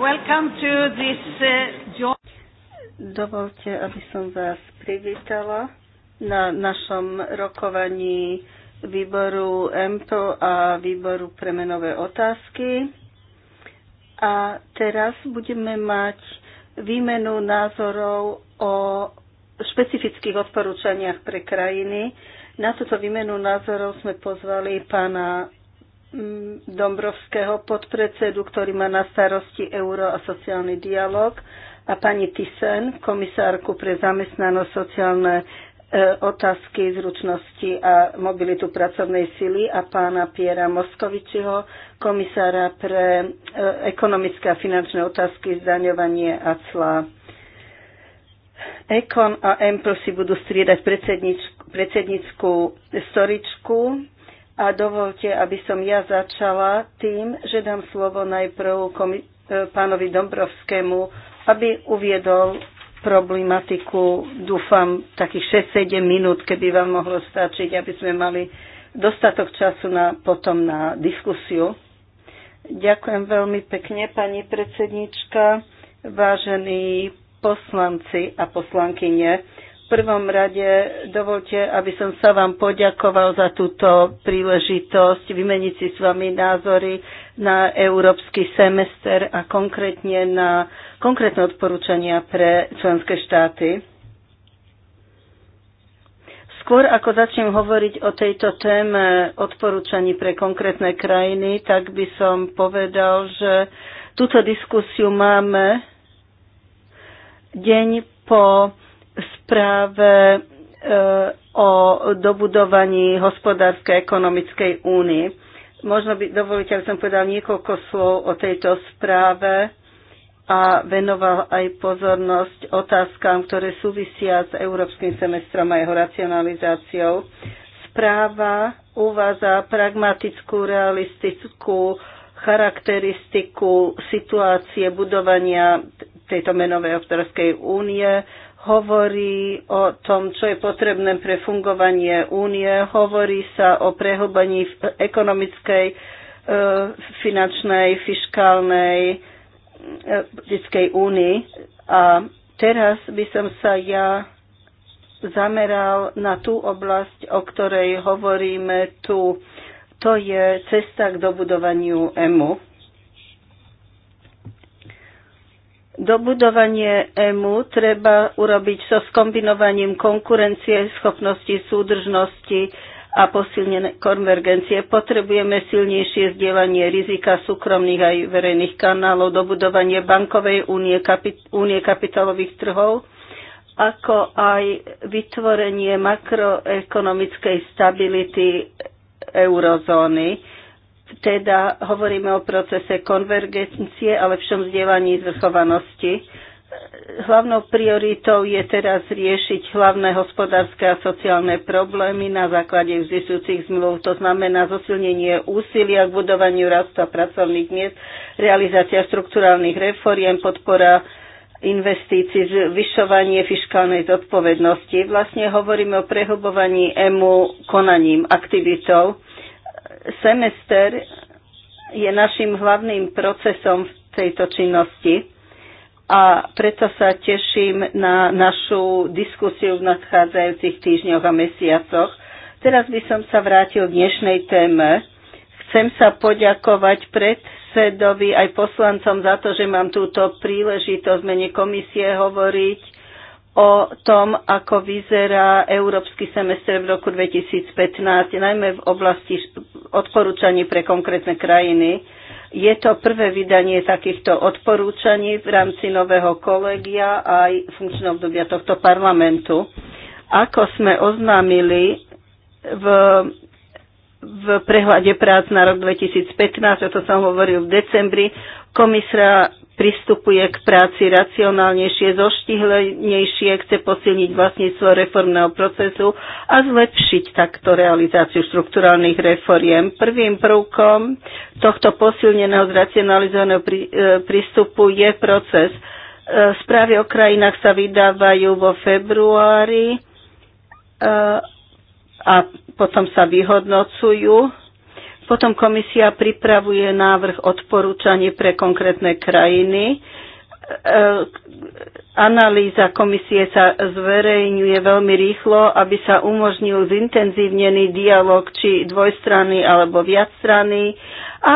Uh, Dovolte, aby som vás privítala na našom rokovaní výboru EMPO a výboru premenové otázky. A teraz budeme mať výmenu názorov o špecifických odporúčaniach pre krajiny. Na túto výmenu názorov sme pozvali pána Mm, Dombrovského podpredsedu, ktorý má na starosti euro a sociálny dialog, a pani Thyssen, komisárku pre zamestnanosť, sociálne e, otázky, zručnosti a mobilitu pracovnej sily a pána Piera Moskovičiho, komisára pre e, ekonomické a finančné otázky, zdaňovanie a clá. Ekon a Empl si budú striedať predsedničku storičku a dovolte, aby som ja začala tým, že dám slovo najprv e, pánovi Dombrovskému, aby uviedol problematiku, dúfam, takých 6-7 minút, keby vám mohlo stačiť, aby sme mali dostatok času na, potom na diskusiu. Ďakujem veľmi pekne, pani predsednička, vážení poslanci a poslankyne prvom rade dovolte, aby som sa vám poďakoval za túto príležitosť vymeniť si s vami názory na európsky semester a konkrétne na konkrétne odporúčania pre členské štáty. Skôr ako začnem hovoriť o tejto téme odporúčaní pre konkrétne krajiny, tak by som povedal, že túto diskusiu máme deň po správe e, o dobudovaní hospodárskej a ekonomickej únie. Možno by dovolite, aby som povedal niekoľko slov o tejto správe a venoval aj pozornosť otázkam, ktoré súvisia s európskym semestrom a jeho racionalizáciou. Správa uvádza pragmatickú, realistickú charakteristiku situácie budovania tejto menovej hospodárskej únie, hovorí o tom, čo je potrebné pre fungovanie únie, hovorí sa o v ekonomickej, e, finančnej, fiskálnej, e, politickej únii. A teraz by som sa ja zameral na tú oblasť, o ktorej hovoríme tu. To je cesta k dobudovaniu EMU. Dobudovanie EMU treba urobiť so skombinovaním konkurencie, schopnosti, súdržnosti a posilnené konvergencie. Potrebujeme silnejšie zdieľanie rizika súkromných aj verejných kanálov, dobudovanie bankovej únie, kapit- únie kapitálových trhov, ako aj vytvorenie makroekonomickej stability eurozóny teda hovoríme o procese konvergencie a lepšom vzdielaní zvrchovanosti. Hlavnou prioritou je teraz riešiť hlavné hospodárske a sociálne problémy na základe existujúcich zmluv. To znamená zosilnenie úsilia k budovaniu rastu a pracovných miest, realizácia štrukturálnych reforiem, podpora investícií, zvyšovanie fiskálnej zodpovednosti. Vlastne hovoríme o prehlbovaní EMU konaním, aktivitou Semester je našim hlavným procesom v tejto činnosti a preto sa teším na našu diskusiu v nadchádzajúcich týždňoch a mesiacoch. Teraz by som sa vrátil k dnešnej téme. Chcem sa poďakovať predsedovi aj poslancom za to, že mám túto príležitosť mene komisie hovoriť o tom, ako vyzerá európsky semester v roku 2015, najmä v oblasti odporúčaní pre konkrétne krajiny. Je to prvé vydanie takýchto odporúčaní v rámci nového kolegia aj funkčného obdobia tohto parlamentu. Ako sme oznámili v, v prehľade prác na rok 2015, o to som hovoril v decembri, komisia pristupuje k práci racionálnejšie, zoštihlenejšie, chce posilniť vlastníctvo reformného procesu a zlepšiť takto realizáciu štrukturálnych reforiem. Prvým prvkom tohto posilneného, zracionalizovaného e, prístupu je proces. E, správy o krajinách sa vydávajú vo februári e, a potom sa vyhodnocujú potom komisia pripravuje návrh odporúčaní pre konkrétne krajiny. E, analýza komisie sa zverejňuje veľmi rýchlo, aby sa umožnil zintenzívnený dialog, či dvojstranný alebo viacstranný, a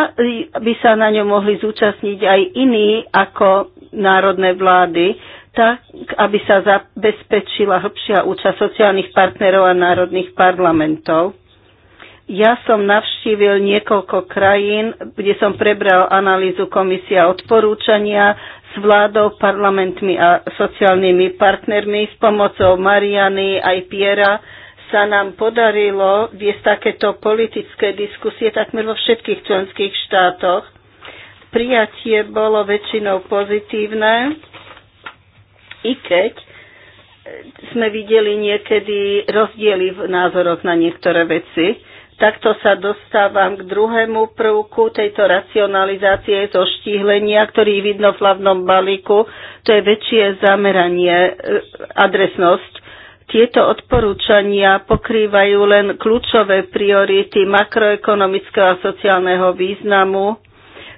aby sa na ňom mohli zúčastniť aj iní ako národné vlády, tak aby sa zabezpečila hĺbšia účasť sociálnych partnerov a národných parlamentov. Ja som navštívil niekoľko krajín, kde som prebral analýzu komisia odporúčania s vládou, parlamentmi a sociálnymi partnermi s pomocou Mariany aj Piera sa nám podarilo viesť takéto politické diskusie takmer vo všetkých členských štátoch. Prijatie bolo väčšinou pozitívne, i keď sme videli niekedy rozdiely v názoroch na niektoré veci. Takto sa dostávam k druhému prvku tejto racionalizácie, zo štíhlenia, ktorý vidno v hlavnom balíku. To je väčšie zameranie, e, adresnosť. Tieto odporúčania pokrývajú len kľúčové priority makroekonomického a sociálneho významu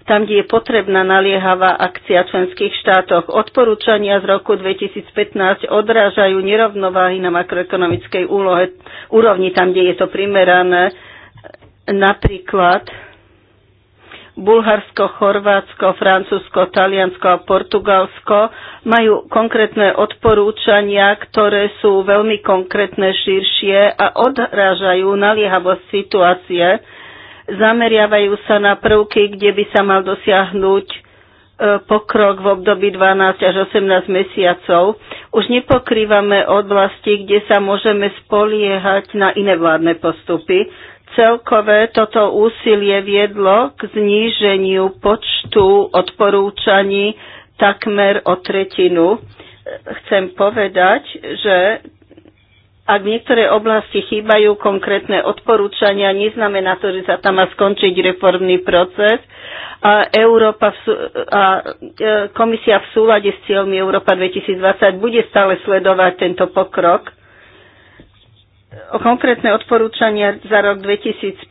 tam, kde je potrebná naliehavá akcia členských štátoch. Odporúčania z roku 2015 odrážajú nerovnováhy na makroekonomickej úlohe, úrovni, tam, kde je to primerané. Napríklad Bulharsko, Chorvátsko, Francúzsko, Taliansko a Portugalsko majú konkrétne odporúčania, ktoré sú veľmi konkrétne, širšie a odrážajú naliehavosť situácie Zameriavajú sa na prvky, kde by sa mal dosiahnuť e, pokrok v období 12 až 18 mesiacov. Už nepokrývame oblasti, kde sa môžeme spoliehať na iné vládne postupy. Celkové toto úsilie viedlo k zníženiu počtu odporúčaní takmer o tretinu. Chcem povedať, že ak v niektoré oblasti chýbajú konkrétne odporúčania, neznamená to, že sa tam má skončiť reformný proces. A Európa v, a e, komisia v súlade s cieľmi Európa 2020 bude stále sledovať tento pokrok. Konkrétne odporúčania za rok 2015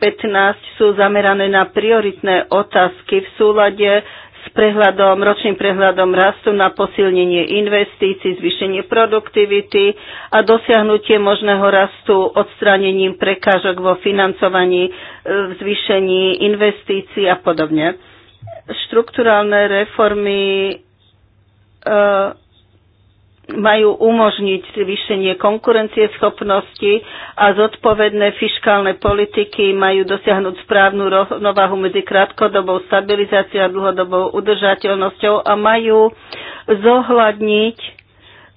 sú zamerané na prioritné otázky v súlade s prehľadom, ročným prehľadom rastu na posilnenie investícií, zvýšenie produktivity a dosiahnutie možného rastu odstránením prekážok vo financovaní, e, zvýšení investícií a podobne. Štrukturálne reformy e, majú umožniť zvýšenie schopnosti a zodpovedné fiskálne politiky majú dosiahnuť správnu rovnováhu medzi krátkodobou stabilizáciou a dlhodobou udržateľnosťou a majú zohľadniť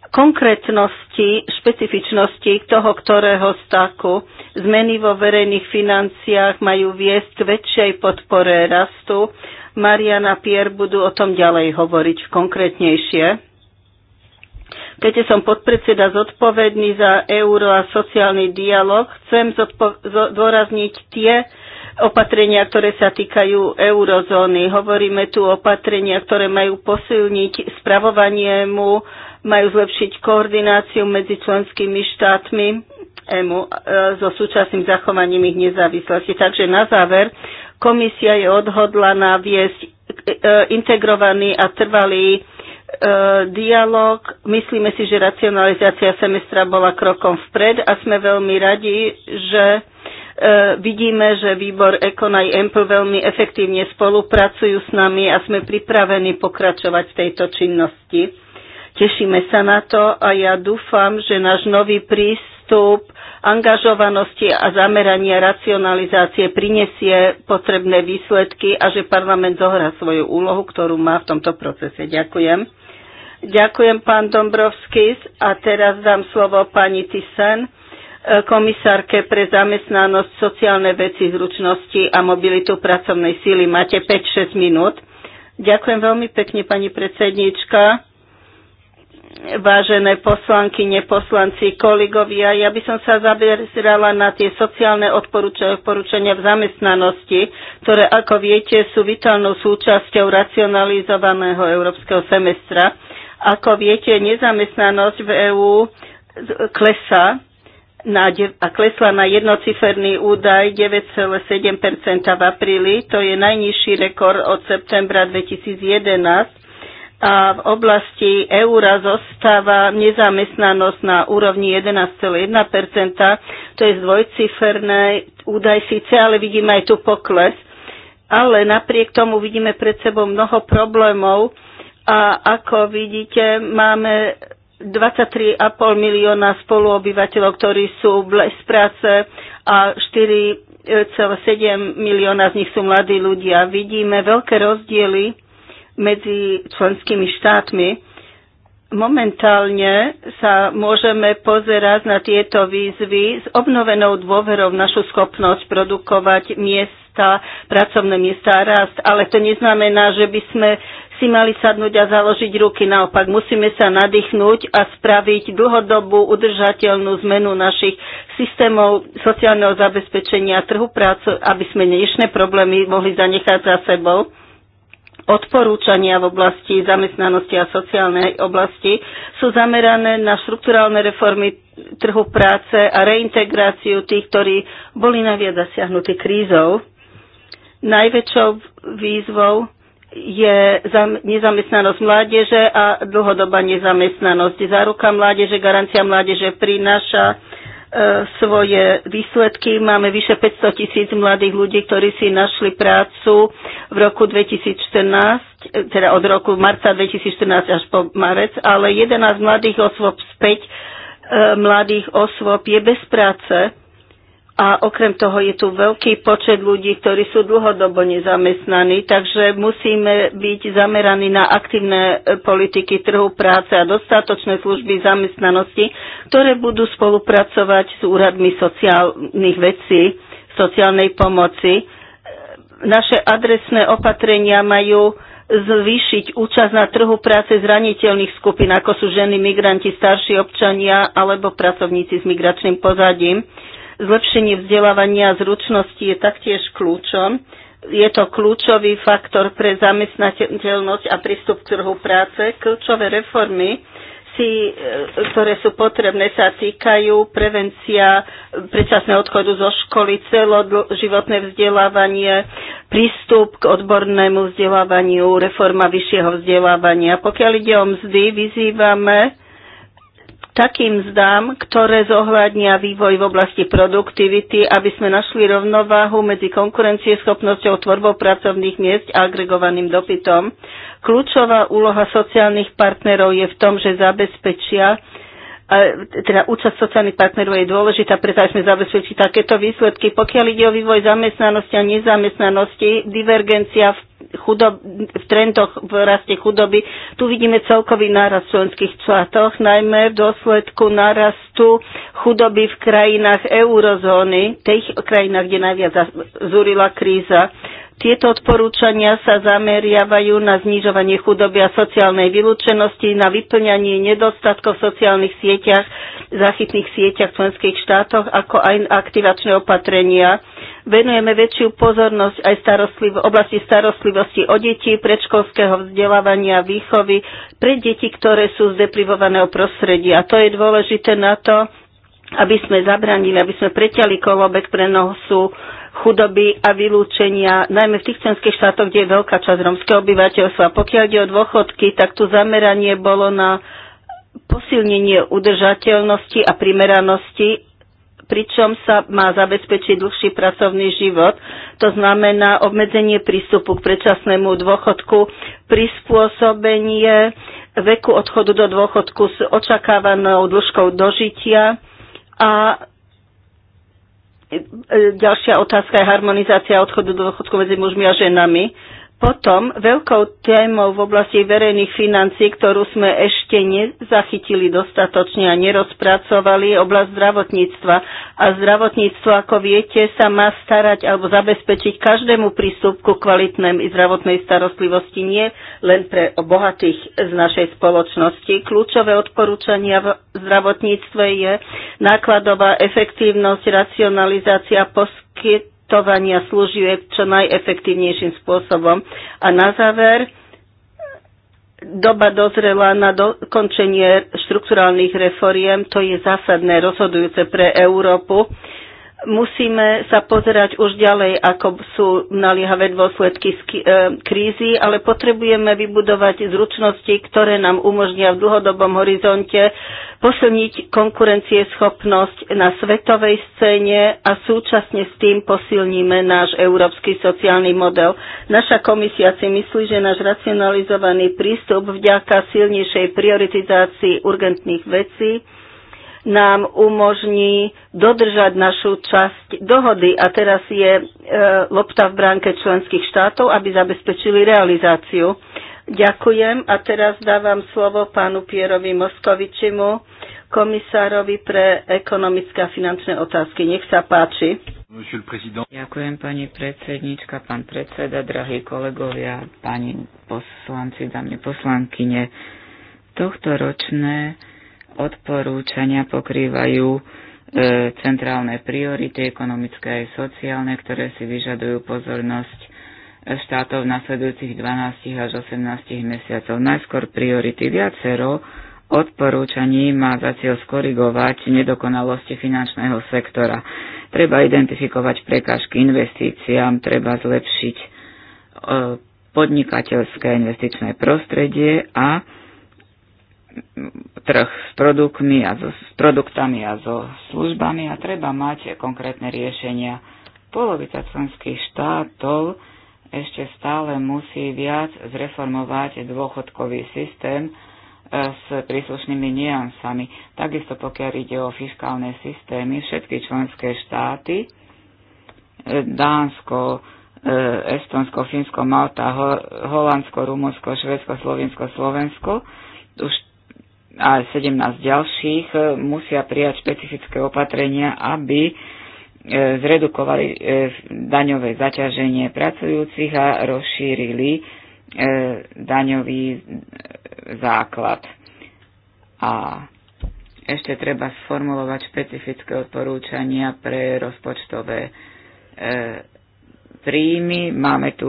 konkrétnosti, špecifičnosti toho, ktorého staku. Zmeny vo verejných financiách majú viesť k väčšej podpore rastu. Mariana Pier budú o tom ďalej hovoriť konkrétnejšie. Keďže som podpredseda zodpovedný za euro a sociálny dialog, chcem zdôrazniť tie opatrenia, ktoré sa týkajú eurozóny. Hovoríme tu o opatrenia, ktoré majú posilniť spravovanie mu, majú zlepšiť koordináciu medzi členskými štátmi EMU e, so súčasným zachovaním ich nezávislosti. Takže na záver, komisia je odhodlaná viesť e, e, integrovaný a trvalý E, dialog. Myslíme si, že racionalizácia semestra bola krokom vpred a sme veľmi radi, že e, vidíme, že výbor Econ aj EMPL veľmi efektívne spolupracujú s nami a sme pripravení pokračovať v tejto činnosti. Tešíme sa na to a ja dúfam, že náš nový prístup angažovanosti a zamerania racionalizácie prinesie potrebné výsledky a že parlament zohrá svoju úlohu, ktorú má v tomto procese. Ďakujem. Ďakujem, pán Dombrovskis. A teraz dám slovo pani Tysen, e, komisárke pre zamestnanosť, sociálne veci, zručnosti a mobilitu pracovnej síly. Máte 5-6 minút. Ďakujem veľmi pekne, pani predsednička. Vážené poslanky, neposlanci, kolegovia, ja by som sa zaberala na tie sociálne odporúčania v zamestnanosti, ktoré, ako viete, sú vitálnou súčasťou racionalizovaného európskeho semestra ako viete, nezamestnanosť v EÚ klesá na, a klesla na jednociferný údaj 9,7 v apríli. To je najnižší rekord od septembra 2011 a v oblasti eura zostáva nezamestnanosť na úrovni 11,1 To je dvojciferné údaj síce, ale vidíme aj tu pokles. Ale napriek tomu vidíme pred sebou mnoho problémov, a ako vidíte, máme 23,5 milióna spoluobyvateľov, ktorí sú bez práce a 4,7 milióna z nich sú mladí ľudia. Vidíme veľké rozdiely medzi členskými štátmi. Momentálne sa môžeme pozerať na tieto výzvy s obnovenou dôverou v našu schopnosť produkovať miesta, pracovné miesta a rast, ale to neznamená, že by sme si mali sadnúť a založiť ruky. Naopak, musíme sa nadýchnúť a spraviť dlhodobú udržateľnú zmenu našich systémov sociálneho zabezpečenia a trhu práce, aby sme dnešné problémy mohli zanechať za sebou. Odporúčania v oblasti zamestnanosti a sociálnej oblasti sú zamerané na štrukturálne reformy trhu práce a reintegráciu tých, ktorí boli najviac zasiahnutí krízou. Najväčšou výzvou je nezamestnanosť mládeže a dlhodobá nezamestnanosť. Záruka mládeže, garancia mládeže prináša e, svoje výsledky. Máme vyše 500 tisíc mladých ľudí, ktorí si našli prácu v roku 2014, e, teda od roku marca 2014 až po marec, ale 11 mladých osôb z späť, e, mladých osôb je bez práce a okrem toho je tu veľký počet ľudí, ktorí sú dlhodobo nezamestnaní, takže musíme byť zameraní na aktívne e, politiky trhu práce a dostatočné služby zamestnanosti, ktoré budú spolupracovať s úradmi sociálnych vecí, sociálnej pomoci. E, naše adresné opatrenia majú zvýšiť účasť na trhu práce zraniteľných skupín, ako sú ženy, migranti, starší občania alebo pracovníci s migračným pozadím Zlepšenie vzdelávania a zručnosti je taktiež kľúčom. Je to kľúčový faktor pre zamestnateľnosť a prístup k trhu práce. Kľúčové reformy, si, e, ktoré sú potrebné, sa týkajú prevencia predčasného odchodu zo školy, celoživotné vzdelávanie, prístup k odbornému vzdelávaniu, reforma vyššieho vzdelávania. Pokiaľ ide o mzdy, vyzývame takým zdám, ktoré zohľadnia vývoj v oblasti produktivity, aby sme našli rovnováhu medzi konkurencieschopnosťou, tvorbou pracovných miest a agregovaným dopytom. Kľúčová úloha sociálnych partnerov je v tom, že zabezpečia e, teda účasť sociálnych partnerov je dôležitá, preto aj sme zabezpečili takéto výsledky. Pokiaľ ide o vývoj zamestnanosti a nezamestnanosti, divergencia v chudob, v trendoch v raste chudoby. Tu vidíme celkový nárast v členských štátoch, najmä v dôsledku nárastu chudoby v krajinách eurozóny, tých krajinách, kde najviac zúrila kríza. Tieto odporúčania sa zameriavajú na znižovanie chudoby a sociálnej vylúčenosti, na vyplňanie nedostatkov v sociálnych sieťach, záchytných sieťach v členských štátoch, ako aj aktivačné opatrenia. Venujeme väčšiu pozornosť aj starostliv- oblasti starostlivosti o deti, predškolského vzdelávania, výchovy pre deti, ktoré sú z deprivovaného prostredia. A to je dôležité na to, aby sme zabranili, aby sme preťali kolobek pre prenosu chudoby a vylúčenia, najmä v tých členských štátoch, kde je veľká časť romského obyvateľstva. Pokiaľ ide o dôchodky, tak tu zameranie bolo na posilnenie udržateľnosti a primeranosti, pričom sa má zabezpečiť dlhší pracovný život. To znamená obmedzenie prístupu k predčasnému dôchodku, prispôsobenie veku odchodu do dôchodku s očakávanou dĺžkou dožitia a Ďalšia otázka je harmonizácia odchodu do dôchodku medzi mužmi a ženami. Potom veľkou témou v oblasti verejných financí, ktorú sme ešte nezachytili dostatočne a nerozpracovali, je oblasť zdravotníctva. A zdravotníctvo, ako viete, sa má starať alebo zabezpečiť každému prístupku kvalitnej zdravotnej starostlivosti, nie len pre bohatých z našej spoločnosti. Kľúčové odporúčania v zdravotníctve je nákladová efektívnosť, racionalizácia poskyt poskytovania služieb čo najefektívnejším spôsobom. A na záver, doba dozrela na dokončenie štrukturálnych reforiem, to je zásadné, rozhodujúce pre Európu musíme sa pozerať už ďalej, ako sú naliehavé dôsledky z e, krízy, ale potrebujeme vybudovať zručnosti, ktoré nám umožnia v dlhodobom horizonte posilniť konkurencieschopnosť na svetovej scéne a súčasne s tým posilníme náš európsky sociálny model. Naša komisia si myslí, že náš racionalizovaný prístup vďaka silnejšej prioritizácii urgentných vecí nám umožní dodržať našu časť dohody a teraz je e, lopta v bránke členských štátov, aby zabezpečili realizáciu. Ďakujem a teraz dávam slovo pánu Pierovi Moskovičimu, komisárovi pre ekonomické a finančné otázky. Nech sa páči. Ďakujem pani predsednička, pán predseda, drahí kolegovia, pani poslanci, dámy poslankyne. Tohto ročné Odporúčania pokrývajú e, centrálne priority ekonomické aj sociálne, ktoré si vyžadujú pozornosť štátov v nasledujúcich 12 až 18 mesiacov. Najskôr priority viacero odporúčaní má za cieľ skorigovať nedokonalosti finančného sektora. Treba identifikovať prekážky investíciám, treba zlepšiť e, podnikateľské investičné prostredie a trh s, produktmi a so, s produktami a so službami a treba mať konkrétne riešenia. Polovica členských štátov ešte stále musí viac zreformovať dôchodkový systém e, s príslušnými niansami. Takisto pokiaľ ide o fiskálne systémy, všetky členské štáty, e, Dánsko, e, Estonsko, Fínsko, Malta, Holandsko, Rumunsko, Švedsko, Slovinsko, Slovensko, už a 17 ďalších e, musia prijať špecifické opatrenia, aby e, zredukovali e, daňové zaťaženie pracujúcich a rozšírili daňový základ. A ešte treba sformulovať špecifické odporúčania pre rozpočtové príjmy. Máme tu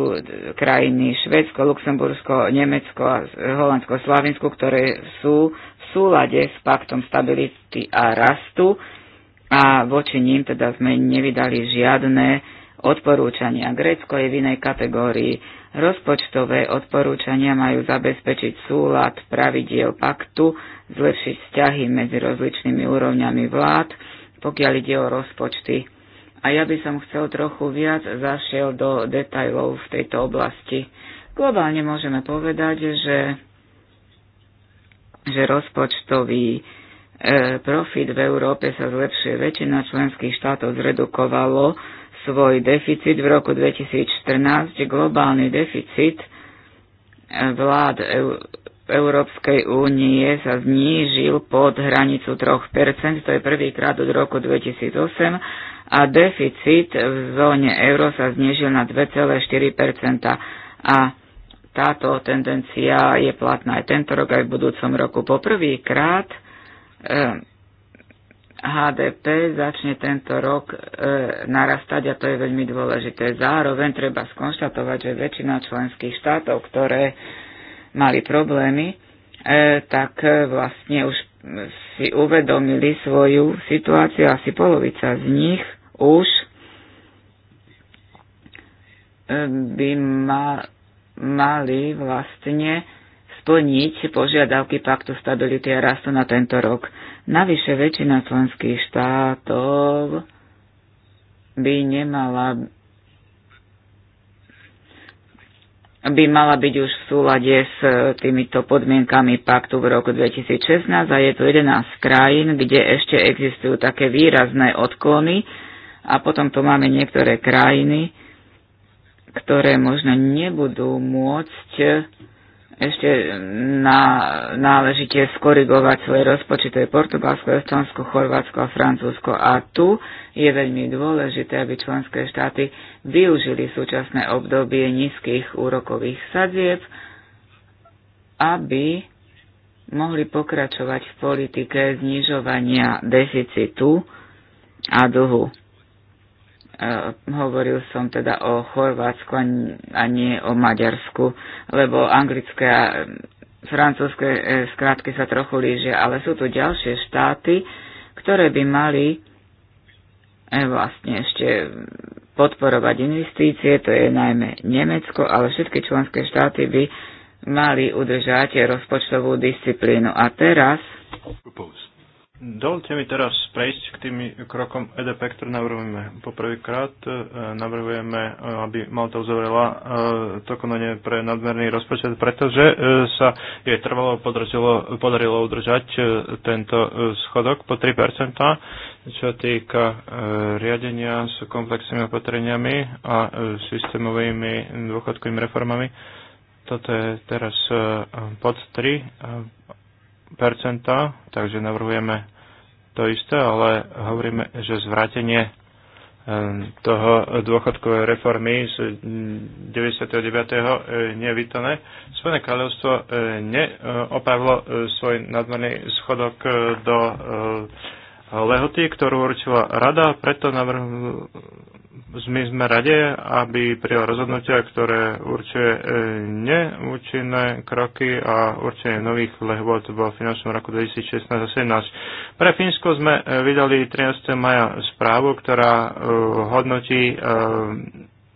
krajiny Švedsko, Luxembursko, Nemecko a Holandsko, Slavinsko, ktoré sú súlade s paktom stability a rastu a voči ním teda sme nevydali žiadne odporúčania. Grécko je v inej kategórii. Rozpočtové odporúčania majú zabezpečiť súlad pravidiel paktu, zlepšiť vzťahy medzi rozličnými úrovňami vlád, pokiaľ ide o rozpočty. A ja by som chcel trochu viac zašiel do detajlov v tejto oblasti. Globálne môžeme povedať, že že rozpočtový e, profit v Európe sa zlepšuje. Väčšina členských štátov zredukovalo svoj deficit v roku 2014. Globálny deficit e, vlád Európskej únie sa znížil pod hranicu 3%, to je prvýkrát od roku 2008, a deficit v zóne euro sa znížil na 2,4%. A táto tendencia je platná aj tento rok, aj v budúcom roku. Poprvýkrát HDP eh, začne tento rok eh, narastať a to je veľmi dôležité. Zároveň treba skonštatovať, že väčšina členských štátov, ktoré mali problémy, eh, tak eh, vlastne už si uvedomili svoju situáciu, asi polovica z nich už eh, by ma, mali vlastne splniť požiadavky Paktu stability a rastu na tento rok. Navyše väčšina členských štátov by nemala by mala byť už v súlade s týmito podmienkami paktu v roku 2016 a je tu 11 krajín, kde ešte existujú také výrazné odklony a potom tu máme niektoré krajiny, ktoré možno nebudú môcť eh, ešte na, náležite skorigovať svoje rozpočty, to je Portugalsko, Estonsko, Chorvátsko a Francúzsko. A tu je veľmi dôležité, aby členské štáty využili súčasné obdobie nízkych úrokových sadzieb, aby mohli pokračovať v politike znižovania deficitu a dlhu hovoril som teda o Chorvátsku a nie o Maďarsku, lebo anglické a francúzske e, skrátky sa trochu lížia, ale sú tu ďalšie štáty, ktoré by mali e, vlastne ešte podporovať investície, to je najmä Nemecko, ale všetky členské štáty by mali udržať rozpočtovú disciplínu. A teraz Dovolte mi teraz prejsť k tým krokom EDP, ktoré navrhujeme. Poprvýkrát e, navrhujeme, e, aby Malta uzavrela e, to konanie pre nadmerný rozpočet, pretože sa jej trvalo podarilo, podarilo udržať tento schodok po 3%, čo týka riadenia s komplexnými opatreniami a systémovými dôchodkovými reformami. Toto je teraz pod 3 takže navrhujeme to isté, ale hovoríme, že zvrátenie toho dôchodkovej reformy z 99. nevytané. Svojné kráľovstvo e, neopravilo e, svoj nadmerný schodok e, do lehoty, ktorú určila rada, preto navrhu, my sme rade, aby prijal rozhodnutia, ktoré určuje e, neúčinné kroky a určenie nových lehôd vo finančnom roku 2016 2017. Pre Fínsko sme e, vydali 13. maja správu, ktorá e, hodnotí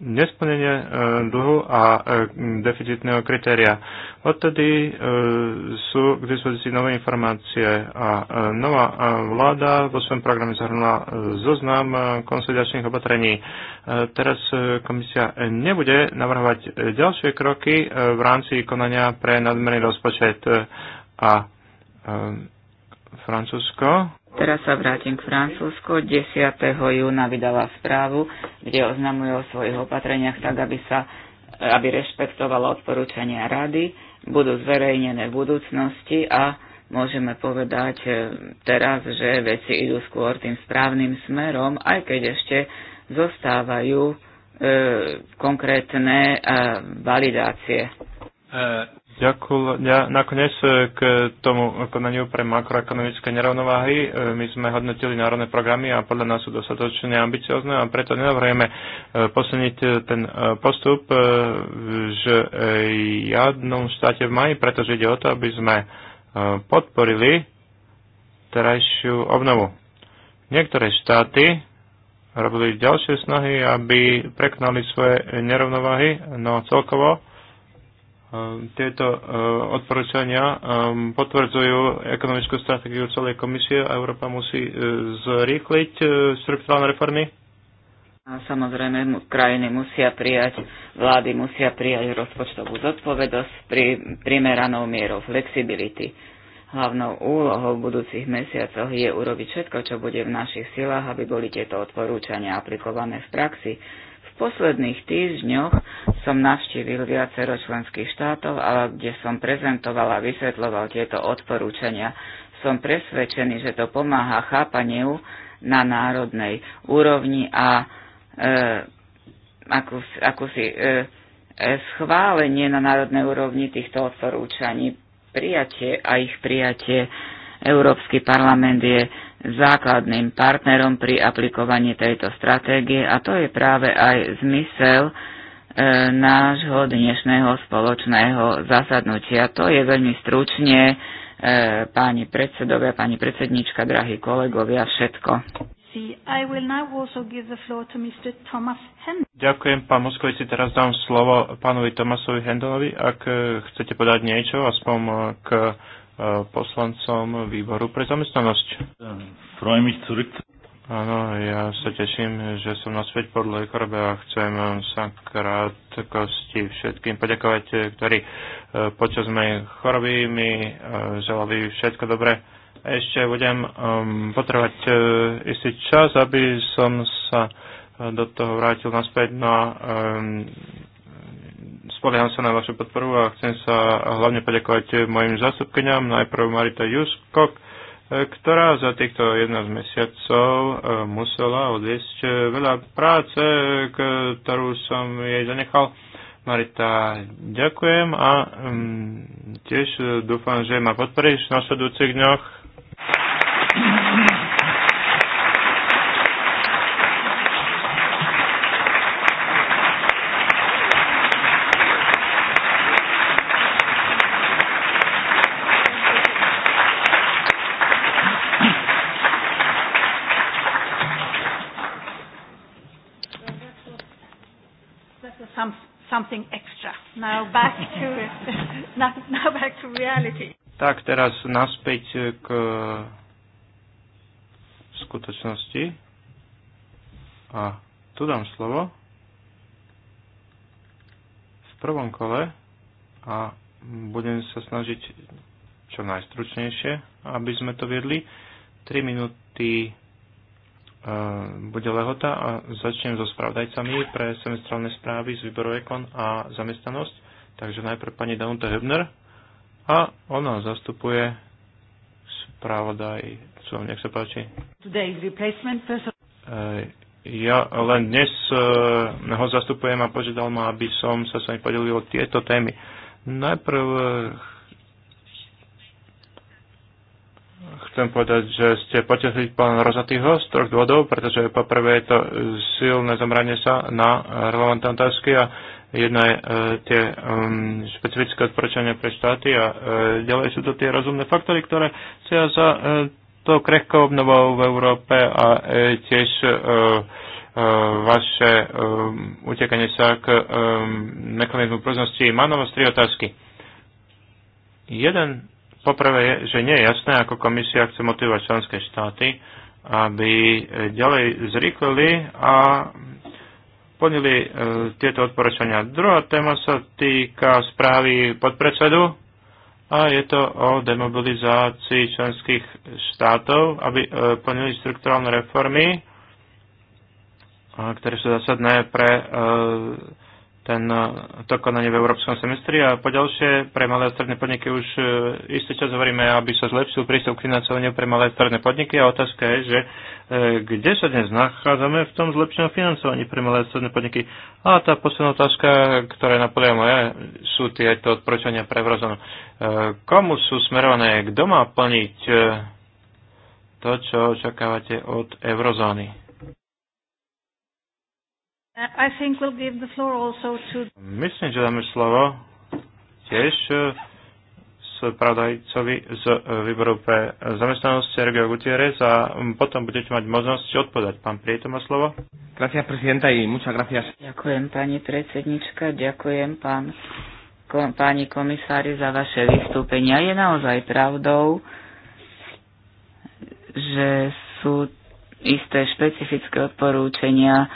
nesplnenie e, dlhu a e, deficitného kritéria. Odtedy e, sú k dispozícii nové informácie a nová vláda vo svojom programe zahrnula zoznam konsolidačných opatrení. Teraz komisia nebude navrhovať ďalšie kroky v rámci konania pre nadmerný rozpočet a Francúzsko. Teraz sa vrátim k Francúzsku. 10. júna vydala správu, kde oznamujú o svojich opatreniach tak, aby sa aby rešpektovala odporúčania rady, budú zverejnené v budúcnosti a môžeme povedať e, teraz, že veci idú skôr tým správnym smerom, aj keď ešte zostávajú e, konkrétne e, validácie. Ďakujem. Ja nakoniec eh, k tomu konaniu pre makroekonomické nerovnováhy. Eh, my sme hodnotili národné programy a podľa nás sú dostatočne ambiciozne a preto nenavrhujeme eh, posilniť ten postup v jadnom štáte v maji, pretože ide o to, aby sme podporili terajšiu obnovu. Niektoré štáty robili ďalšie snahy, aby prekonali svoje nerovnováhy, no celkovo Ehm, tieto ehm, odporúčania ehm, potvrdzujú ekonomickú stratégiu celej komisie a Európa musí e, zrýchliť e, štruktúrálne reformy? A samozrejme, krajiny musia prijať, vlády musia prijať rozpočtovú zodpovedosť pri primeranou mierou flexibility. Hlavnou úlohou v budúcich mesiacoch je urobiť všetko, čo bude v našich silách, aby boli tieto odporúčania aplikované v praxi posledných týždňoch som navštívil viacero členských štátov, ale kde som prezentoval a vysvetloval tieto odporúčania. Som presvedčený, že to pomáha chápaniu na národnej úrovni a e, akúsi, e, e, schválenie na národnej úrovni týchto odporúčaní, prijatie a ich prijatie. Európsky parlament je základným partnerom pri aplikovaní tejto stratégie a to je práve aj zmysel e, nášho dnešného spoločného zasadnutia. To je veľmi stručne, e, páni predsedovia, pani predsednička, drahí kolegovia, všetko. Ďakujem, pán Moskovici. Teraz dám slovo pánovi Tomasovi Hendelovi, ak e, chcete podať niečo, aspoň e, k poslancom výboru pre zamestnanosť. Áno, ja sa teším, že som naspäť podľa Ekorbe a chcem sa krátkosti všetkým poďakovať, ktorí e, počas mojej choroby mi e, želali všetko dobré. Ešte budem e, potrebovať istý čas, aby som sa do toho vrátil naspäť, no um, spolieham sa na vašu podporu a chcem sa hlavne poďakovať mojim zástupkyňam, najprv Marita Juskok, e, ktorá za týchto 11 mesiacov e, musela odviesť e, veľa práce, ktorú som jej zanechal. Marita, ďakujem a mm, tiež dúfam, že ma podporíš v nasledujúcich dňoch. Tak teraz naspäť k skutočnosti. A tu dám slovo v prvom kole a budem sa snažiť čo najstručnejšie, aby sme to viedli. 3 minúty e, bude lehota a začnem so spravdajcami pre semestrálne správy z výboru Ekon a zamestnanosť. Takže najprv pani Danuta Hebner a ona zastupuje správodajcu. Nech sa páči. Eh, ja len dnes eh, ho zastupujem a požiadal ma, aby som sa s vami podelil o tieto témy. Najprv eh, chcem povedať, že ste potešiť pán Rozatýho z troch dôvodov, pretože poprvé je to silné zamranie sa na relevantné otázky a Jedna je e, tie um, špecifické odporúčania pre štáty a e, ďalej sú to tie rozumné faktory, ktoré sa za e, to krehko obnovou v Európe a tiež vaše um, utekanie sa k um, mechanizmu prúznosti. Mám na vás tri otázky. Jeden poprvé je, že nie je jasné, ako komisia chce motivovať členské štáty, aby ďalej zrýchlili a splnili e, tieto odporúčania. Druhá téma sa týka správy podpredsedu a je to o demobilizácii členských štátov, aby e, plnili strukturálne reformy, ktoré sú zásadné pre e, ten, eh, to konanie v európskom semestri a po ďalšie pre malé a stredné podniky už eh, istý čas hovoríme, aby sa zlepšil prístup k financovaniu pre malé a stredné podniky a otázka je, že eh, kde sa dnes nachádzame v tom zlepšenom financovaní pre malé a stredné podniky. A tá posledná otázka, ktorá je podľa moja, sú tieto odporúčania pre eurozónu. Komu sú smerované? Kto má plniť to, čo očakávate od eurozóny? I think we'll give the floor also to... Myslím, že dáme slovo tiež eh, s pravdajcovi z eh, výboru pre zamestnanosť Sergio Gutierrez a mm, potom budete mať možnosť odpovedať. Pán Prieto má slovo. Gracias, presidenta, y muchas gracias. Ďakujem, pani predsednička, ďakujem, pán, kom, páni komisári, za vaše vystúpenia. Je naozaj pravdou, že sú isté špecifické odporúčania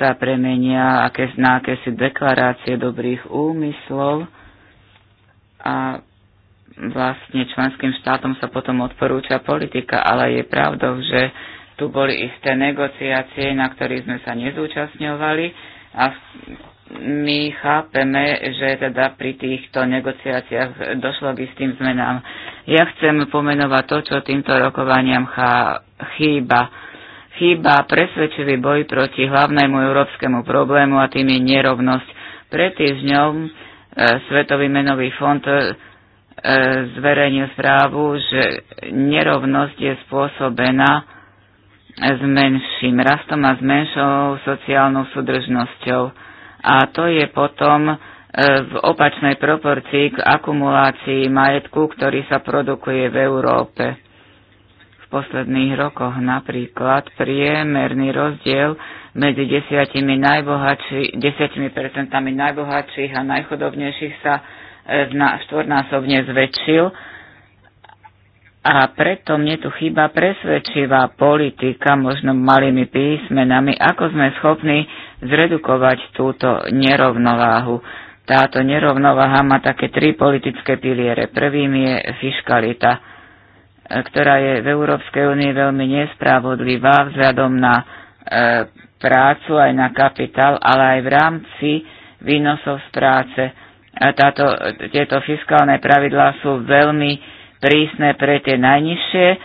sa premenia aké, na akési deklarácie dobrých úmyslov a vlastne členským štátom sa potom odporúča politika, ale je pravdou, že tu boli isté negociácie, na ktorých sme sa nezúčastňovali a my chápeme, že teda pri týchto negociáciách došlo k istým zmenám. Ja chcem pomenovať to, čo týmto rokovaniam chýba chýba presvedčivý boj proti hlavnému európskemu problému a tým je nerovnosť. Pred týždňom e, Svetový menový fond e, e, zverejnil správu, že nerovnosť je spôsobená s menším rastom a s menšou sociálnou súdržnosťou. A to je potom e, v opačnej proporcii k akumulácii majetku, ktorý sa produkuje v Európe posledných rokoch. Napríklad priemerný rozdiel medzi desiatimi, najbohatší, desiatimi percentami najbohatších a najchodobnejších sa e, štvornásobne zväčšil. A preto mne tu chýba presvedčivá politika, možno malými písmenami, ako sme schopní zredukovať túto nerovnováhu. Táto nerovnováha má také tri politické piliere. Prvým je fiskalita ktorá je v Európskej únii veľmi nespravodlivá vzhľadom na e, prácu aj na kapitál, ale aj v rámci výnosov z práce. A e, táto, tieto fiskálne pravidlá sú veľmi prísne pre tie najnižšie e,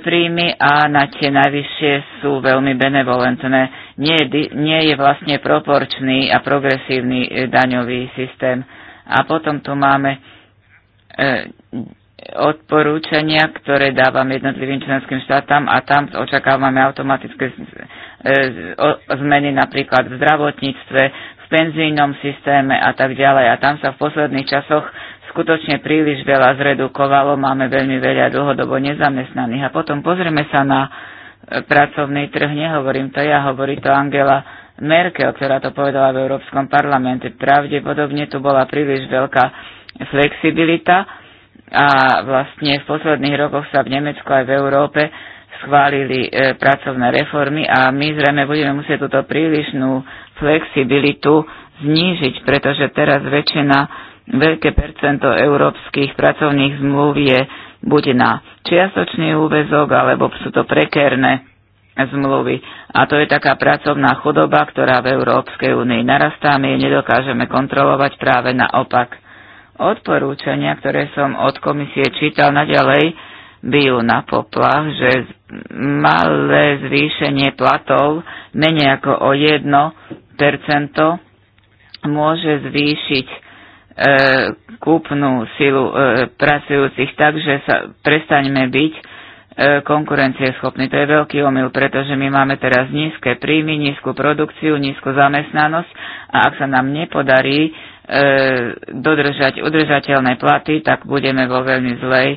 príjmy a na tie najvyššie sú veľmi benevolentné. Nie, nie je vlastne proporčný a progresívny e, daňový systém. A potom tu máme e, odporúčania, ktoré dávam jednotlivým členským štátam a tam očakávame automatické e, zmeny napríklad v zdravotníctve, v penzijnom systéme a tak ďalej. A tam sa v posledných časoch skutočne príliš veľa zredukovalo, máme veľmi veľa dlhodobo nezamestnaných. A potom pozrieme sa na e, pracovný trh, nehovorím to ja, hovorí to Angela Merkel, ktorá to povedala v Európskom parlamente. Pravdepodobne tu bola príliš veľká flexibilita a vlastne v posledných rokoch sa v Nemecku aj v Európe schválili e, pracovné reformy a my zrejme budeme musieť túto prílišnú flexibilitu znížiť, pretože teraz väčšina, veľké percento európskych pracovných zmluv je buď na čiastočný úvezok, alebo sú to prekerné zmluvy. A to je taká pracovná chudoba, ktorá v Európskej únii narastá, my ju nedokážeme kontrolovať práve naopak. Odporúčania, ktoré som od komisie čítal naďalej, bijú na poplach, že malé zvýšenie platov menej ako o 1% môže zvýšiť e, kúpnu silu e, pracujúcich, takže sa prestaňme byť e, konkurencieschopní. To je veľký omyl, pretože my máme teraz nízke príjmy, nízku produkciu, nízku zamestnanosť a ak sa nám nepodarí E, dodržať udržateľné platy, tak budeme vo veľmi zlej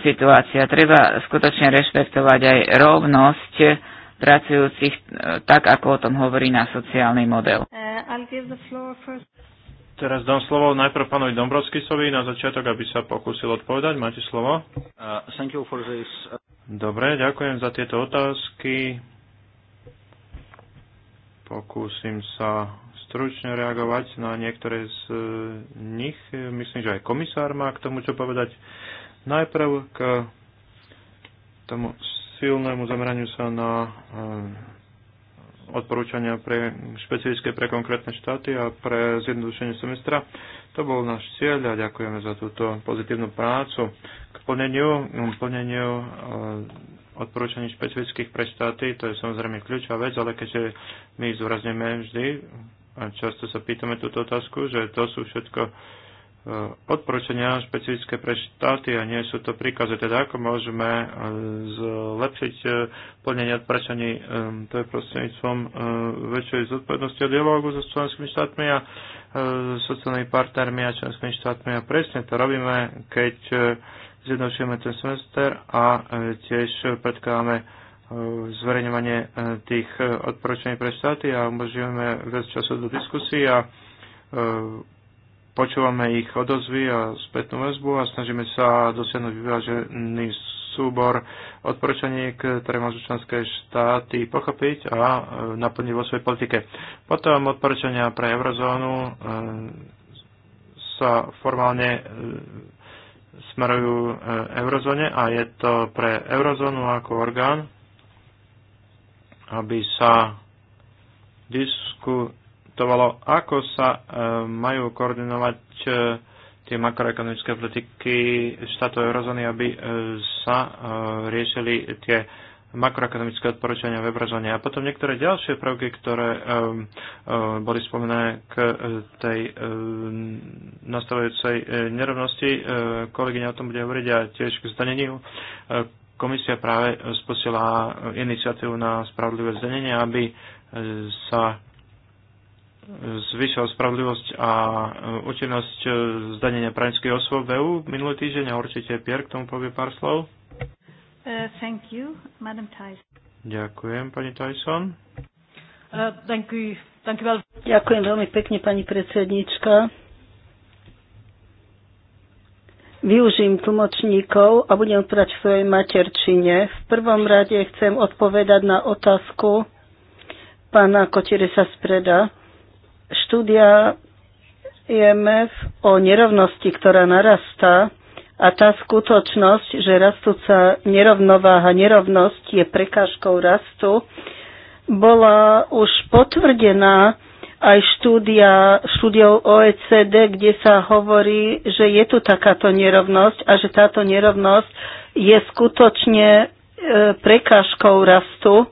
situácii. Treba skutočne rešpektovať aj rovnosť pracujúcich, e, tak ako o tom hovorí na sociálny model. Uh, Teraz dám slovo najprv pánovi Dombrovskisovi na začiatok, aby sa pokúsil odpovedať. Máte slovo? Uh, uh, Dobre, ďakujem za tieto otázky. Pokúsim sa stručne reagovať na niektoré z e, nich. Myslím, že aj komisár má k tomu čo povedať. Najprv k tomu silnému zameraniu sa na e, odporúčania pre špecifické pre konkrétne štáty a pre zjednodušenie semestra. To bol náš cieľ a ďakujeme za túto pozitívnu prácu k plneniu, plneniu e, odporúčaní špecifických pre štáty. To je samozrejme kľúčová vec, ale keďže my zúrazneme vždy a často sa pýtame túto otázku, že to sú všetko e, odporúčania špecifické pre štáty a nie sú to príkazy. Teda ako môžeme e, zlepšiť e, plnenie odporúčaní, to je prostredníctvom väčšej zodpovednosti a dialogu so členskými štátmi a sociálnymi partnermi a členskými štátmi. A presne to robíme, keď zjednodušujeme ten semester a tiež predkávame zverejňovanie e, tých e, odporúčaní pre štáty a umožňujeme viac času do diskusí a e, počúvame ich odozvy a spätnú väzbu a snažíme sa dosiahnuť vyvážený súbor odporúčaní, ktoré môžu členské štáty pochopiť a naplniť vo svojej politike. Potom odporúčania pre eurozónu sa formálne smerujú eurozóne a je to pre eurozónu ako orgán aby sa diskutovalo, ako sa e, majú koordinovať e, tie makroekonomické politiky štátov eurozóny, aby e, sa riešili tie makroekonomické odporúčania v eurozóne. A potom niektoré ďalšie prvky, ktoré e, e, boli spomenané k tej e, nastavujúcej nerovnosti. e, kolegyňa o tom bude hovoriť a tiež k zdaneniu. E, komisia práve spustila iniciatívu na spravodlivé zdenenie, aby sa zvyšila spravodlivosť a účinnosť zdanenia právnických osôb v EU. Minulý týždeň a určite Pier k tomu povie pár slov. Uh, thank you, Madam Tyson. Ďakujem, pani Tyson. Uh, thank you. Thank you well. Ďakujem veľmi pekne, pani predsednička. Využijem tlmočníkov a budem odpovedať v svojej materčine. V prvom rade chcem odpovedať na otázku pána Kotiresa Spreda. Štúdia IMF e o nerovnosti, ktorá narastá a tá skutočnosť, že rastúca nerovnováha, nerovnosť je prekážkou rastu, bola už potvrdená aj štúdia, štúdiou OECD, kde sa hovorí, že je tu takáto nerovnosť a že táto nerovnosť je skutočne e, prekážkou rastu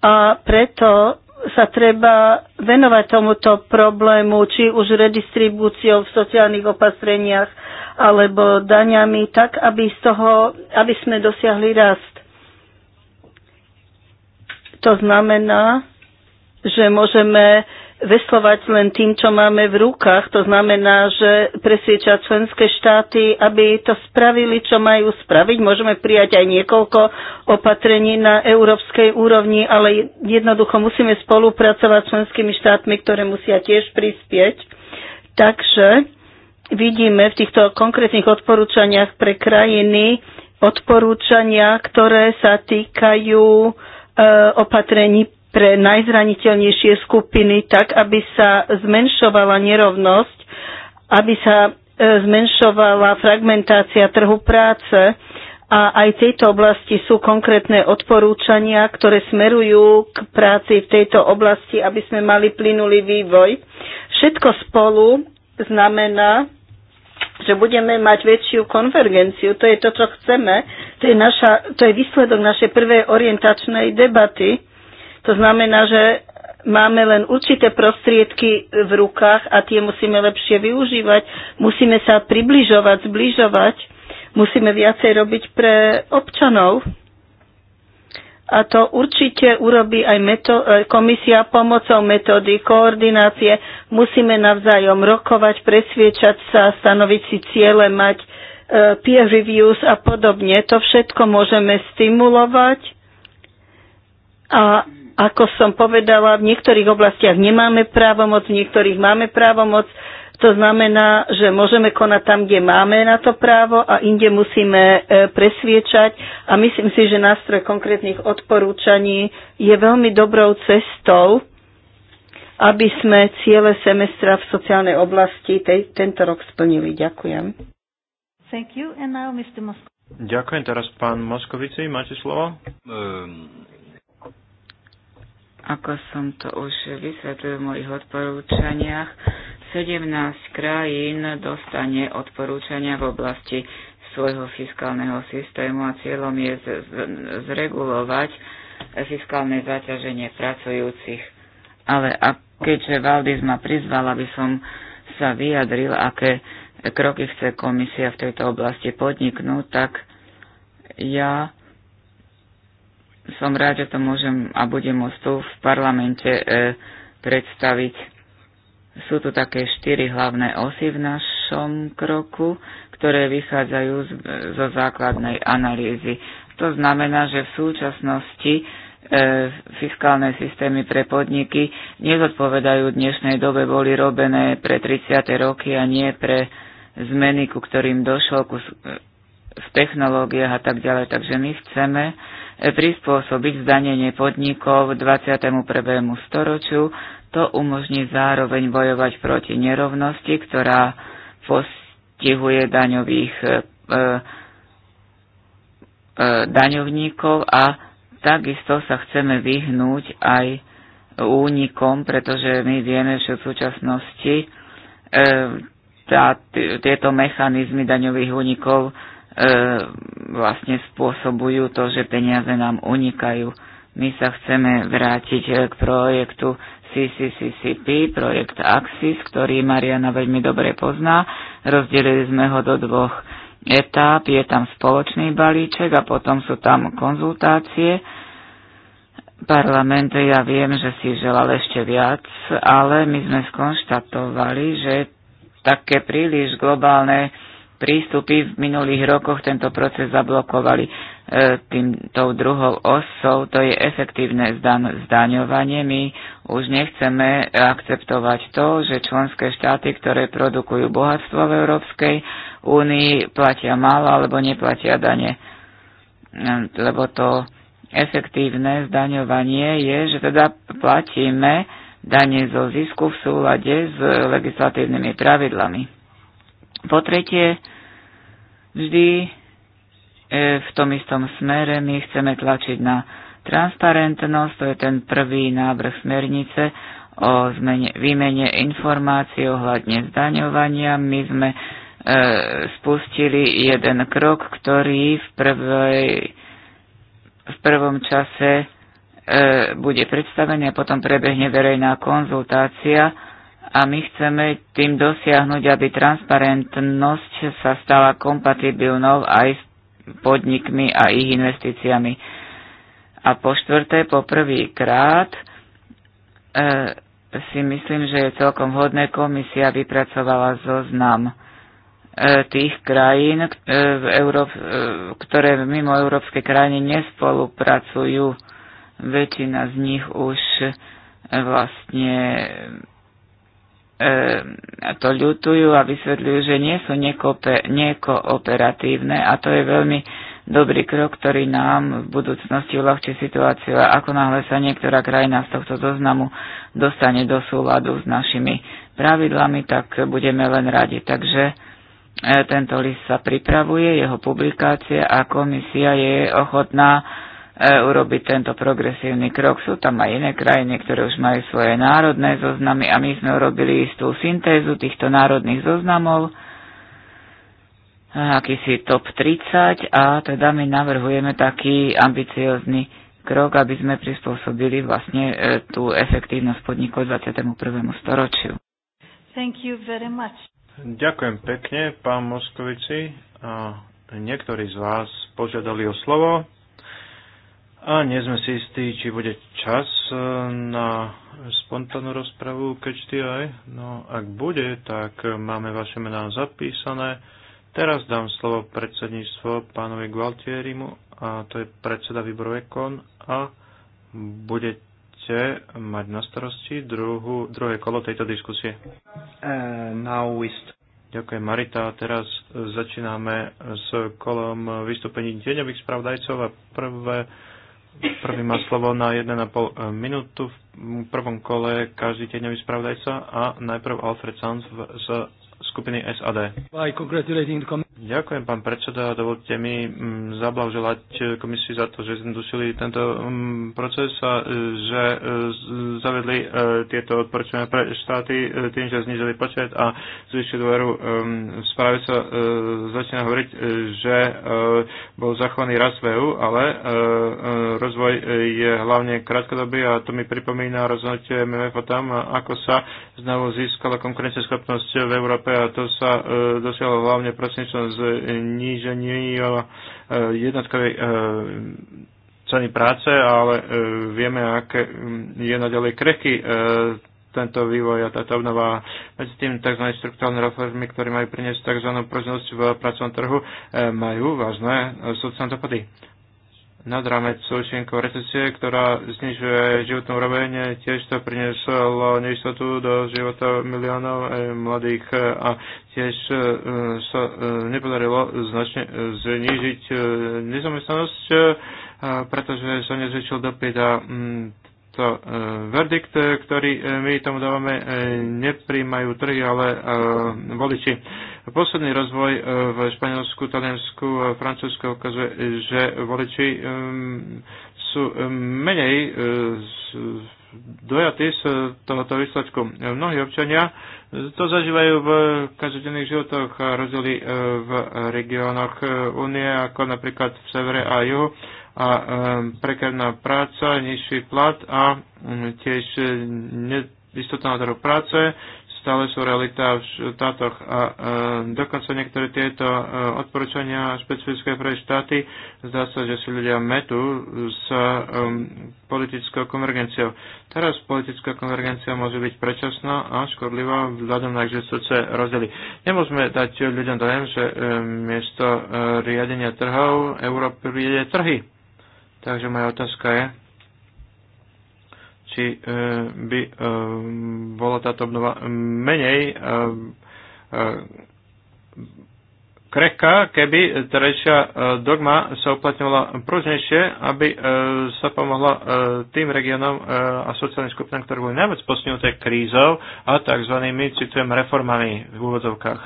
a preto sa treba venovať tomuto problému, či už redistribúciou v sociálnych opatreniach alebo daňami, tak aby, z toho, aby sme dosiahli rast. To znamená, že môžeme veslovať len tým, čo máme v rukách. To znamená, že presvieča členské štáty, aby to spravili, čo majú spraviť. Môžeme prijať aj niekoľko opatrení na európskej úrovni, ale jednoducho musíme spolupracovať s členskými štátmi, ktoré musia tiež prispieť. Takže vidíme v týchto konkrétnych odporúčaniach pre krajiny odporúčania, ktoré sa týkajú e, opatrení pre najzraniteľnejšie skupiny, tak aby sa zmenšovala nerovnosť, aby sa e, zmenšovala fragmentácia trhu práce a aj v tejto oblasti sú konkrétne odporúčania, ktoré smerujú k práci v tejto oblasti, aby sme mali plynulý vývoj. Všetko spolu znamená, že budeme mať väčšiu konvergenciu. To je to, čo chceme. To je, naša, to je výsledok našej prvej orientačnej debaty. To znamená, že máme len určité prostriedky v rukách a tie musíme lepšie využívať, musíme sa približovať, zbližovať, musíme viacej robiť pre občanov. A to určite urobí aj meto- e, komisia pomocou metódy koordinácie. Musíme navzájom rokovať, presviečať sa, stanoviť si ciele, mať e, peer reviews a podobne. To všetko môžeme stimulovať a ako som povedala, v niektorých oblastiach nemáme právomoc, v niektorých máme právomoc. To znamená, že môžeme konať tam, kde máme na to právo a inde musíme e, presviečať. A myslím si, že nástroj konkrétnych odporúčaní je veľmi dobrou cestou, aby sme ciele semestra v sociálnej oblasti tej, tento rok splnili. Ďakujem. Thank you. And now Mr. Ďakujem. Teraz pán Moskovici, máte slovo? Um, ako som to už vysvetlil v mojich odporúčaniach, 17 krajín dostane odporúčania v oblasti svojho fiskálneho systému a cieľom je zregulovať fiskálne zaťaženie pracujúcich. Ale a keďže Valdis ma prizval, aby som sa vyjadril, aké kroky chce komisia v tejto oblasti podniknúť, tak ja som rád, že to môžem a budem môcť tu v parlamente e, predstaviť. Sú tu také štyri hlavné osy v našom kroku, ktoré vychádzajú z, zo základnej analýzy. To znamená, že v súčasnosti e, fiskálne systémy pre podniky nezodpovedajú dnešnej dobe, boli robené pre 30. roky a nie pre zmeny, ku ktorým došlo, ku, e, v technológiách a tak ďalej. Takže my chceme, prispôsobiť zdanenie podnikov 21. storočiu, to umožní zároveň bojovať proti nerovnosti, ktorá postihuje daňových e, e, e, daňovníkov a takisto sa chceme vyhnúť aj únikom, pretože my vieme, že v súčasnosti e, tá, tieto mechanizmy daňových únikov E, vlastne spôsobujú to, že peniaze nám unikajú. My sa chceme vrátiť e, k projektu CCCCP, projekt Axis, ktorý Mariana veľmi dobre pozná. Rozdelili sme ho do dvoch etáp. Je tam spoločný balíček a potom sú tam konzultácie. Parlament, ja viem, že si želal ešte viac, ale my sme skonštatovali, že také príliš globálne prístupy v minulých rokoch tento proces zablokovali. E, týmto druhou osou to je efektívne zdaňovanie. My už nechceme akceptovať to, že členské štáty, ktoré produkujú bohatstvo v Európskej únii, platia málo alebo neplatia dane. E, lebo to efektívne zdaňovanie je, že teda platíme dane zo zisku v súlade s legislatívnymi pravidlami. Po tretie, vždy e, v tom istom smere my chceme tlačiť na transparentnosť, to je ten prvý návrh smernice o zmene, výmene informácií ohľadne zdaňovania. My sme e, spustili jeden krok, ktorý v, prvej, v prvom čase e, bude predstavený a potom prebehne verejná konzultácia a my chceme tým dosiahnuť, aby transparentnosť sa stala kompatibilnou aj s podnikmi a ich investíciami. A po štvrté, po prvýkrát e, si myslím, že je celkom hodné komisia vypracovala zoznam e, tých krajín, e, v Euró- e, ktoré mimo európske krajiny nespolupracujú. Väčšina z nich už e, vlastne Ehm, to ľutujú a vysvetľujú, že nie sú nekooperatívne a to je veľmi dobrý krok, ktorý nám v budúcnosti uľahčí situáciu a ako náhle sa niektorá krajina z tohto zoznamu dostane do súladu s našimi pravidlami, tak budeme len radi. Takže e, tento list sa pripravuje, jeho publikácia a komisia je ochotná urobiť tento progresívny krok. Sú tam aj iné krajiny, ktoré už majú svoje národné zoznamy a my sme urobili istú syntézu týchto národných zoznamov, akýsi top 30 a teda my navrhujeme taký ambiciózny krok, aby sme prispôsobili vlastne e, tú efektívnosť podnikov 21. storočiu. Thank you very much. Ďakujem pekne, pán Moskovici. A niektorí z vás požiadali o slovo. A nie sme si istí, či bude čas e, na spontánnu rozpravu aj. No ak bude, tak máme vaše mená zapísané. Teraz dám slovo predsedníctvo pánovi Gualtierimu a to je predseda výboru Ekon a budete mať na starosti druhú, druhé kolo tejto diskusie. Uh, Ďakujem Marita. teraz začíname s kolom vystúpení deňových spravdajcov a prvé Prvý má slovo na 1,5 e, minútu v prvom kole každý tieňový spravodajca a najprv Alfred Sanz z skupiny SAD. Ďakujem, pán predseda. Dovolte mi mm, zablahoželať eh, komisii za to, že zjednodušili tento mm, proces a eh, že eh, zavedli tieto odporúčania pre štáty tým, že znižili počet a zvýšili dôveru. V správe sa začína hovoriť, že bol zachovaný rast VU, e ale rozvoj je hlavne krátkodobý a to mi pripomína rozhodnutie MMF tam, ako sa znovu získala konkurencieschopnosť v Európe a to sa e, dosiahlo hlavne prostredníctvom zníženia e, jednotkovej e, ceny práce, ale vieme, aké je naďalej krehky tento vývoj a táto obnova medzi tým tzv. štruktúrne reformy, ktoré majú priniesť tzv. prožnosť v pracovnom trhu, majú vážne sociálne dopady nad rámec účinkov recesie, ktorá znižuje životnú úroveň. Tiež to prinieslo neistotu do života miliónov eh, mladých eh, a tiež eh, sa nepodarilo značne znižiť nezamestnanosť, pretože sa nezvyčil dopyt a mm, to e, verdikt, e, ktorý e, my tomu dávame, nepríjmajú trhy, ale voliči. Posledný rozvoj v Španielsku, Taliansku a Francúzsku ukazuje, že voliči sú menej dojatí z tohoto výsledku. Mnohí občania to zažívajú v každodenných životoch a rozdiely v regiónoch únie, ako napríklad v severe a juhu a prekerná práca, nižší plat a tiež e, neistota na trhu práce stále sú realita v štátoch a e, dokonca niektoré tieto e, odporúčania špecifické pre štáty zdá sa, že si ľudia metú s e, politickou konvergenciou. Teraz politická konvergencia môže byť predčasná a škodlivá vzhľadom na existujúce rozdiely. Nemôžeme dať ľuďom dojem, že e, miesto e, riadenia trhov Európy riadia trhy Takže moja otázka je, či e, by e, bola táto obnova menej e, krehká, keby terajšia dogma sa uplatňovala pružnejšie, aby sa pomohla tým regionom a sociálnym skupinám, ktoré boli najviac postihnuté krízou a tzv. citujem reformami v úvodzovkách.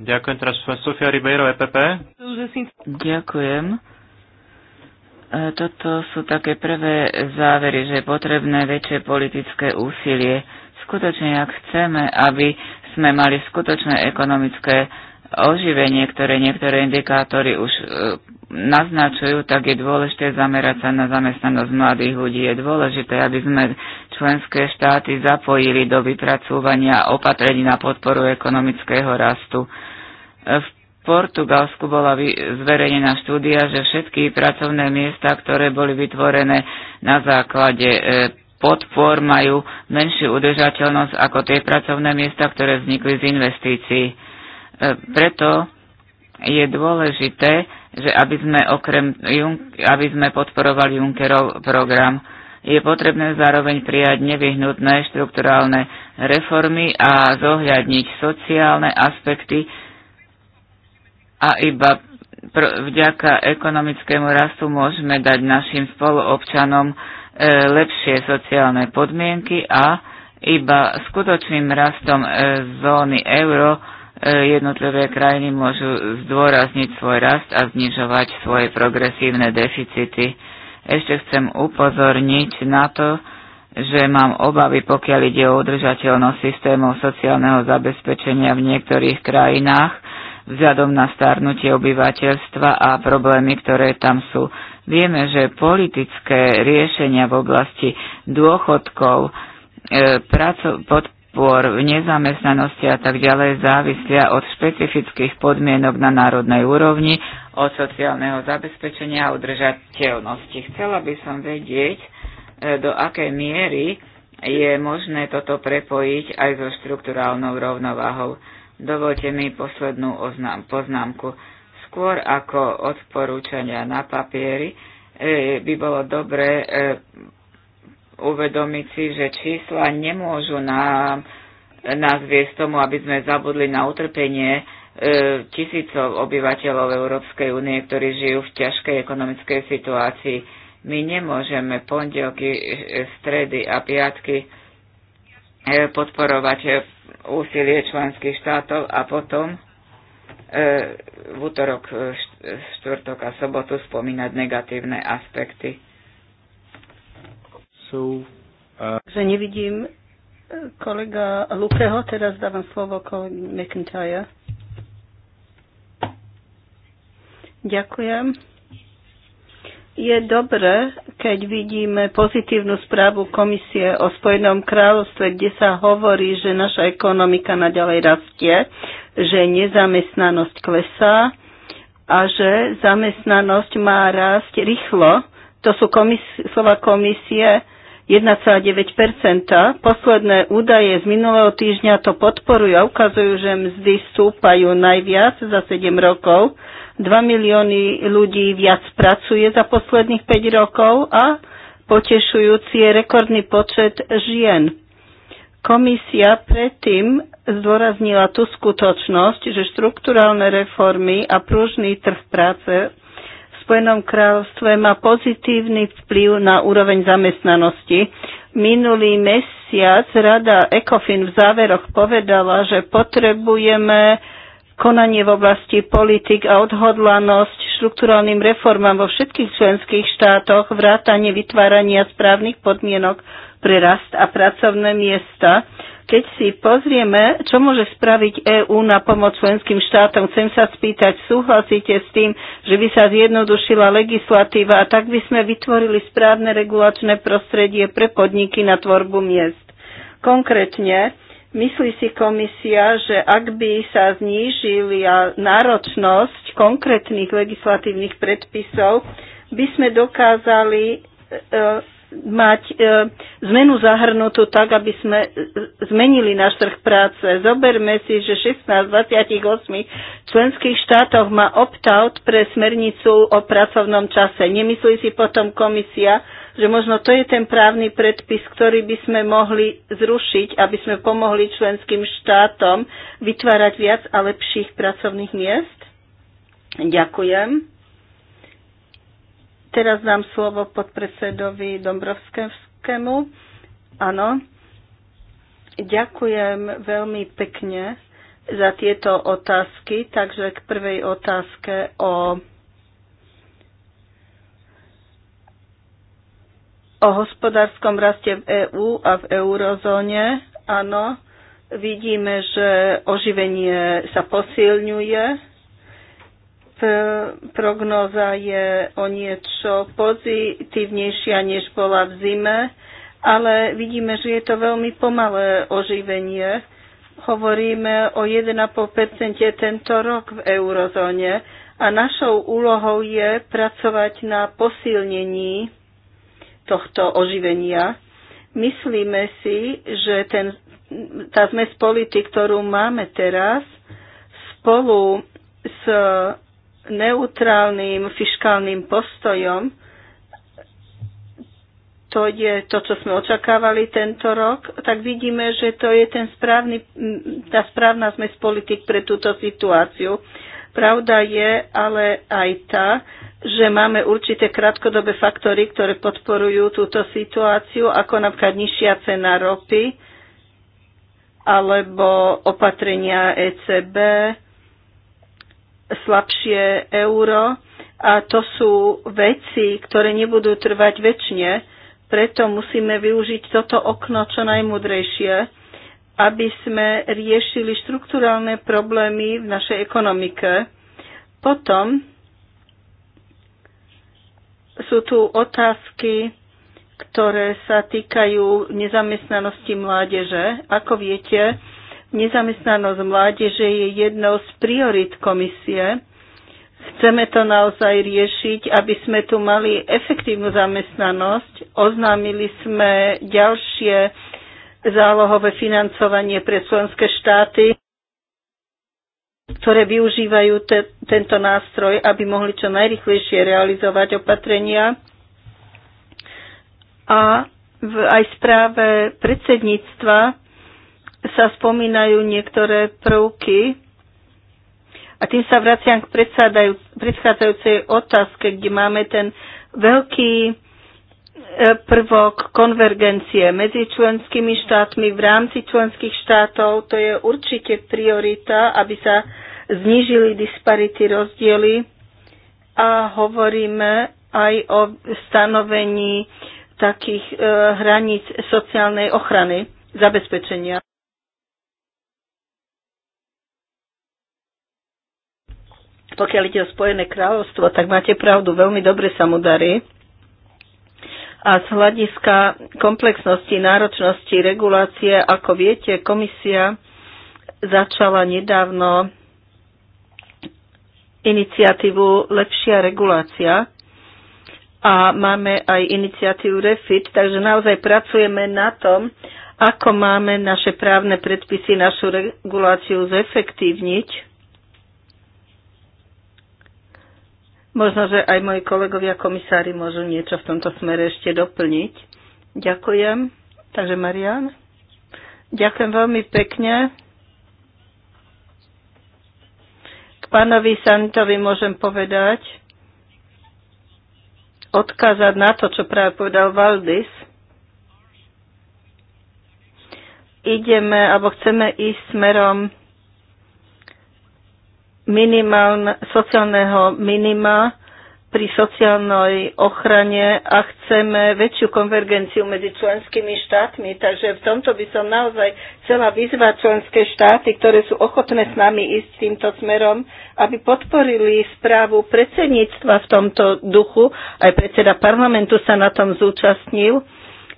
Ďakujem teraz Sofia Ribeiro, EPP. Ďakujem. E, toto sú také prvé závery, že je potrebné väčšie politické úsilie. Skutočne, ak chceme, aby sme mali skutočné ekonomické oživenie, ktoré niektoré indikátory už e, naznačujú, tak je dôležité zamerať sa na zamestnanosť mladých ľudí. Je dôležité, aby sme členské štáty zapojili do vypracúvania opatrení na podporu ekonomického rastu. E, v Portugalsku bola zverejnená štúdia, že všetky pracovné miesta, ktoré boli vytvorené na základe e, podpor, majú menšiu udržateľnosť ako tie pracovné miesta, ktoré vznikli z investícií. E, preto je dôležité, že aby sme, okrem, aby sme podporovali Junckerov program, je potrebné zároveň prijať nevyhnutné štrukturálne reformy a zohľadniť sociálne aspekty a iba vďaka ekonomickému rastu môžeme dať našim spoluobčanom e, lepšie sociálne podmienky a iba skutočným rastom e, zóny euro e, jednotlivé krajiny môžu zdôrazniť svoj rast a znižovať svoje progresívne deficity. Ešte chcem upozorniť na to, že mám obavy, pokiaľ ide o udržateľnosť systémov sociálneho zabezpečenia v niektorých krajinách, vzhľadom na starnutie obyvateľstva a problémy, ktoré tam sú. Vieme, že politické riešenia v oblasti dôchodkov, e, praco, podpor v nezamestnanosti a tak ďalej závislia od špecifických podmienok na národnej úrovni, od sociálneho zabezpečenia a udržateľnosti. Chcela by som vedieť, e, do akej miery je možné toto prepojiť aj so štruktúrálnou rovnováhou. Dovolte mi poslednú oznám, poznámku. Skôr ako odporúčania na papieri e, by bolo dobré e, uvedomiť si, že čísla nemôžu nám, nás viesť tomu, aby sme zabudli na utrpenie e, tisícov obyvateľov Európskej únie, ktorí žijú v ťažkej ekonomickej situácii. My nemôžeme pondelky, e, stredy a piatky e, podporovať e, úsilie členských štátov a potom e, v útorok, e, e, štvrtok a sobotu spomínať negatívne aspekty. So, uh... E, Že nevidím kolega Lukeho, teraz dávam slovo kolegy McIntyre. Ďakujem. Je dobré, keď vidíme pozitívnu správu komisie o Spojenom kráľovstve, kde sa hovorí, že naša ekonomika naďalej rastie, že nezamestnanosť klesá a že zamestnanosť má rásť rýchlo. To sú komis- slova komisie 1,9 Posledné údaje z minulého týždňa to podporujú a ukazujú, že mzdy stúpajú najviac za 7 rokov. 2 milióny ľudí viac pracuje za posledných 5 rokov a potešujúci je rekordný počet žien. Komisia predtým zdôraznila tú skutočnosť, že štrukturálne reformy a pružný trh práce Spojenom kráľovstve má pozitívny vplyv na úroveň zamestnanosti. Minulý mesiac rada ECOFIN v záveroch povedala, že potrebujeme konanie v oblasti politik a odhodlanosť štruktúrálnym reformám vo všetkých členských štátoch, vrátanie vytvárania správnych podmienok pre rast a pracovné miesta. Keď si pozrieme, čo môže spraviť EÚ na pomoc členským štátom, chcem sa spýtať, súhlasíte s tým, že by sa zjednodušila legislatíva a tak by sme vytvorili správne regulačné prostredie pre podniky na tvorbu miest. Konkrétne, myslí si komisia, že ak by sa znížila náročnosť konkrétnych legislatívnych predpisov, by sme dokázali e, mať e, zmenu zahrnutú tak, aby sme e, zmenili náš trh práce. Zoberme si, že 16 28 členských štátoch má opt-out pre smernicu o pracovnom čase. Nemyslí si potom komisia, že možno to je ten právny predpis, ktorý by sme mohli zrušiť, aby sme pomohli členským štátom vytvárať viac a lepších pracovných miest? Ďakujem. Teraz dám slovo podpredsedovi Dombrovskému. Áno. Ďakujem veľmi pekne za tieto otázky. Takže k prvej otázke o, o hospodárskom raste v EÚ a v eurozóne. Áno, vidíme, že oživenie sa posilňuje prognóza je o niečo pozitívnejšia, než bola v zime, ale vidíme, že je to veľmi pomalé oživenie. Hovoríme o 1,5% tento rok v eurozóne a našou úlohou je pracovať na posilnení tohto oživenia. Myslíme si, že ten, tá zmes politik, ktorú máme teraz, spolu s neutrálnym fiskálnym postojom. To je to, čo sme očakávali tento rok. Tak vidíme, že to je ten správny, tá správna zmes politik pre túto situáciu. Pravda je ale aj tá, že máme určité krátkodobé faktory, ktoré podporujú túto situáciu, ako napríklad nižšia cena ropy alebo opatrenia ECB, slabšie euro a to sú veci, ktoré nebudú trvať väčšine, preto musíme využiť toto okno čo najmudrejšie, aby sme riešili štrukturálne problémy v našej ekonomike. Potom sú tu otázky, ktoré sa týkajú nezamestnanosti mládeže. Ako viete, Nezamestnanosť mládeže je jednou z priorit komisie. Chceme to naozaj riešiť, aby sme tu mali efektívnu zamestnanosť. Oznámili sme ďalšie zálohové financovanie pre slovenské štáty, ktoré využívajú te, tento nástroj, aby mohli čo najrychlejšie realizovať opatrenia. A v aj správe predsedníctva sa spomínajú niektoré prvky. A tým sa vraciam k predchádzajúcej otázke, kde máme ten veľký e, prvok konvergencie medzi členskými štátmi v rámci členských štátov. To je určite priorita, aby sa znížili disparity, rozdiely a hovoríme aj o stanovení takých e, hraníc sociálnej ochrany, zabezpečenia. pokiaľ ide o Spojené kráľovstvo, tak máte pravdu, veľmi dobre sa mu darí. A z hľadiska komplexnosti, náročnosti, regulácie, ako viete, komisia začala nedávno iniciatívu Lepšia regulácia a máme aj iniciatívu REFIT, takže naozaj pracujeme na tom, ako máme naše právne predpisy, našu reguláciu zefektívniť Možno, že aj moji kolegovia komisári môžu niečo v tomto smere ešte doplniť. Ďakujem. Takže Marian. Ďakujem veľmi pekne. K pánovi Santovi môžem povedať, odkázať na to, čo práve povedal Valdis. Ideme, alebo chceme ísť smerom minimálne, sociálneho minima pri sociálnej ochrane a chceme väčšiu konvergenciu medzi členskými štátmi. Takže v tomto by som naozaj chcela vyzvať členské štáty, ktoré sú ochotné s nami ísť týmto smerom, aby podporili správu predsedníctva v tomto duchu. Aj predseda parlamentu sa na tom zúčastnil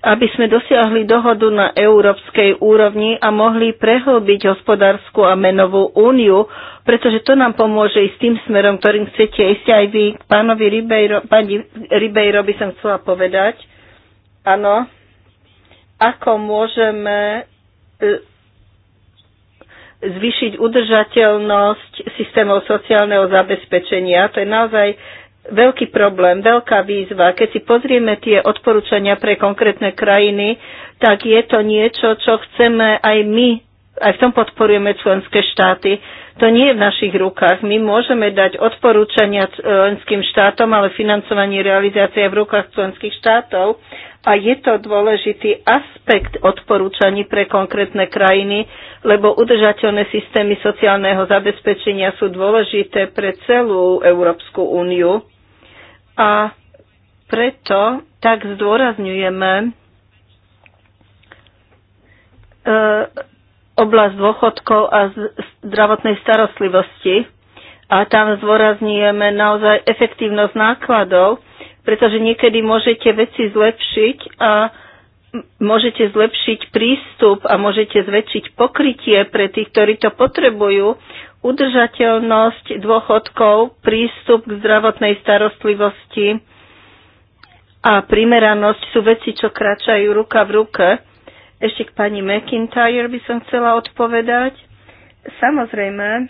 aby sme dosiahli dohodu na európskej úrovni a mohli prehlbiť hospodárskú a menovú úniu, pretože to nám pomôže ísť tým smerom, ktorým chcete ísť aj vy. Pánovi Ribeiro, pani Ribeiro by som chcela povedať, áno, ako môžeme e, zvýšiť udržateľnosť systémov sociálneho zabezpečenia. To je naozaj veľký problém, veľká výzva. Keď si pozrieme tie odporúčania pre konkrétne krajiny, tak je to niečo, čo chceme aj my, aj v tom podporujeme členské štáty. To nie je v našich rukách. My môžeme dať odporúčania členským štátom, ale financovanie realizácie je v rukách členských štátov. A je to dôležitý aspekt odporúčaní pre konkrétne krajiny, lebo udržateľné systémy sociálneho zabezpečenia sú dôležité pre celú Európsku úniu. A preto tak zdôrazňujeme e, oblasť dôchodkov a zdravotnej starostlivosti. A tam zdôrazňujeme naozaj efektívnosť nákladov, pretože niekedy môžete veci zlepšiť a môžete zlepšiť prístup a môžete zväčšiť pokrytie pre tých, ktorí to potrebujú, udržateľnosť dôchodkov, prístup k zdravotnej starostlivosti a primeranosť sú veci, čo kráčajú ruka v ruke. Ešte k pani McIntyre by som chcela odpovedať. Samozrejme,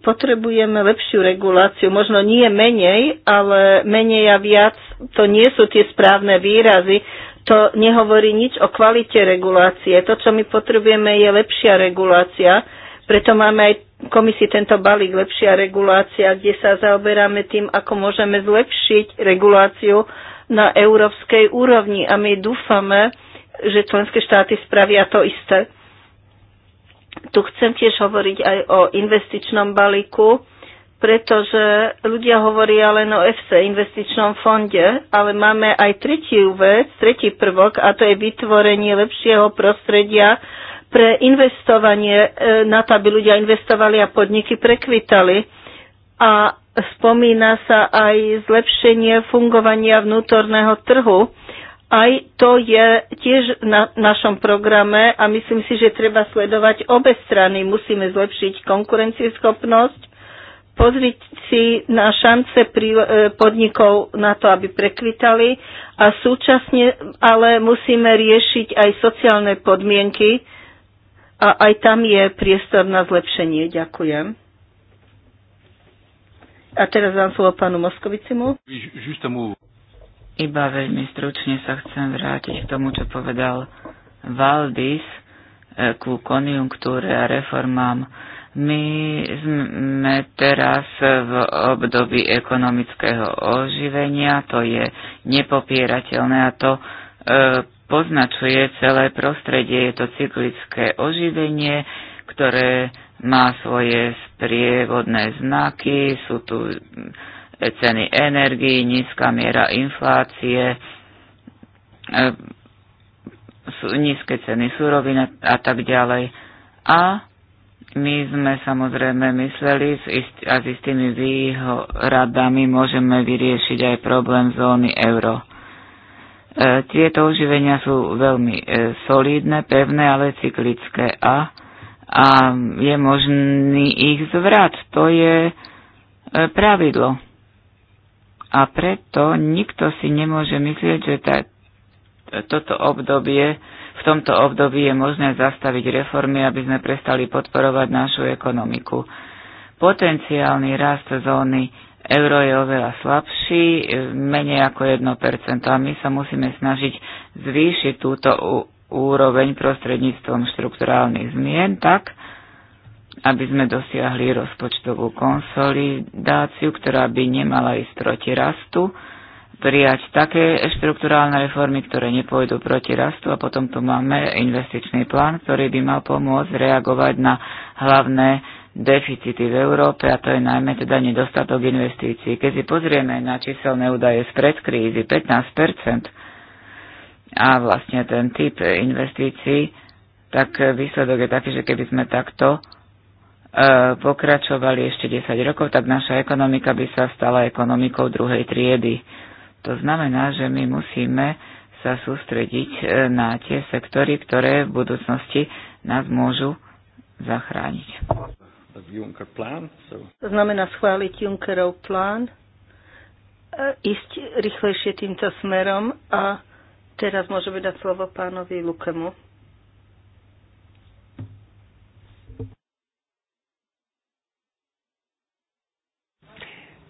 potrebujeme lepšiu reguláciu, možno nie menej, ale menej a viac, to nie sú tie správne výrazy to nehovorí nič o kvalite regulácie. To, čo my potrebujeme, je lepšia regulácia. Preto máme aj komisii tento balík lepšia regulácia, kde sa zaoberáme tým, ako môžeme zlepšiť reguláciu na európskej úrovni. A my dúfame, že členské štáty spravia to isté. Tu chcem tiež hovoriť aj o investičnom balíku pretože ľudia hovoria len o FC, investičnom fonde, ale máme aj tretiu vec, tretí prvok, a to je vytvorenie lepšieho prostredia pre investovanie e, na to, aby ľudia investovali a podniky prekvitali. A spomína sa aj zlepšenie fungovania vnútorného trhu. Aj to je tiež na našom programe a myslím si, že treba sledovať obe strany. Musíme zlepšiť konkurencieschopnosť pozrieť si na šance e, podnikov na to, aby prekvitali a súčasne ale musíme riešiť aj sociálne podmienky a aj tam je priestor na zlepšenie. Ďakujem. A teraz dám slovo pánu Moskovicimu. Iba veľmi stručne sa chcem vrátiť k tomu, čo povedal Valdis e, ku konjunktúre a reformám my sme teraz v období ekonomického oživenia, to je nepopierateľné a to e, poznačuje celé prostredie. Je to cyklické oživenie, ktoré má svoje sprievodné znaky, sú tu ceny energii, nízka miera inflácie, e, nízke ceny surovín a tak ďalej. A my sme samozrejme mysleli a s istými výhradami môžeme vyriešiť aj problém zóny euro. E, tieto uživenia sú veľmi e, solidné, pevné, ale cyklické a, a je možný ich zvrat. To je e, pravidlo. A preto nikto si nemôže myslieť, že tá, toto obdobie v tomto období je možné zastaviť reformy, aby sme prestali podporovať našu ekonomiku. Potenciálny rast zóny euro je oveľa slabší, menej ako 1%, a my sa musíme snažiť zvýšiť túto úroveň prostredníctvom štrukturálnych zmien tak, aby sme dosiahli rozpočtovú konsolidáciu, ktorá by nemala ísť proti rastu, prijať také štrukturálne reformy, ktoré nepôjdu proti rastu a potom tu máme investičný plán, ktorý by mal pomôcť reagovať na hlavné deficity v Európe a to je najmä teda nedostatok investícií. Keď si pozrieme na číselné údaje z predkrízy 15% a vlastne ten typ investícií, tak výsledok je taký, že keby sme takto e, pokračovali ešte 10 rokov, tak naša ekonomika by sa stala ekonomikou druhej triedy. To znamená, že my musíme sa sústrediť e, na tie sektory, ktoré v budúcnosti nás môžu zachrániť. To znamená schváliť Junckerov plán, e, ísť rýchlejšie týmto smerom a teraz môžeme dať slovo pánovi Lukemu.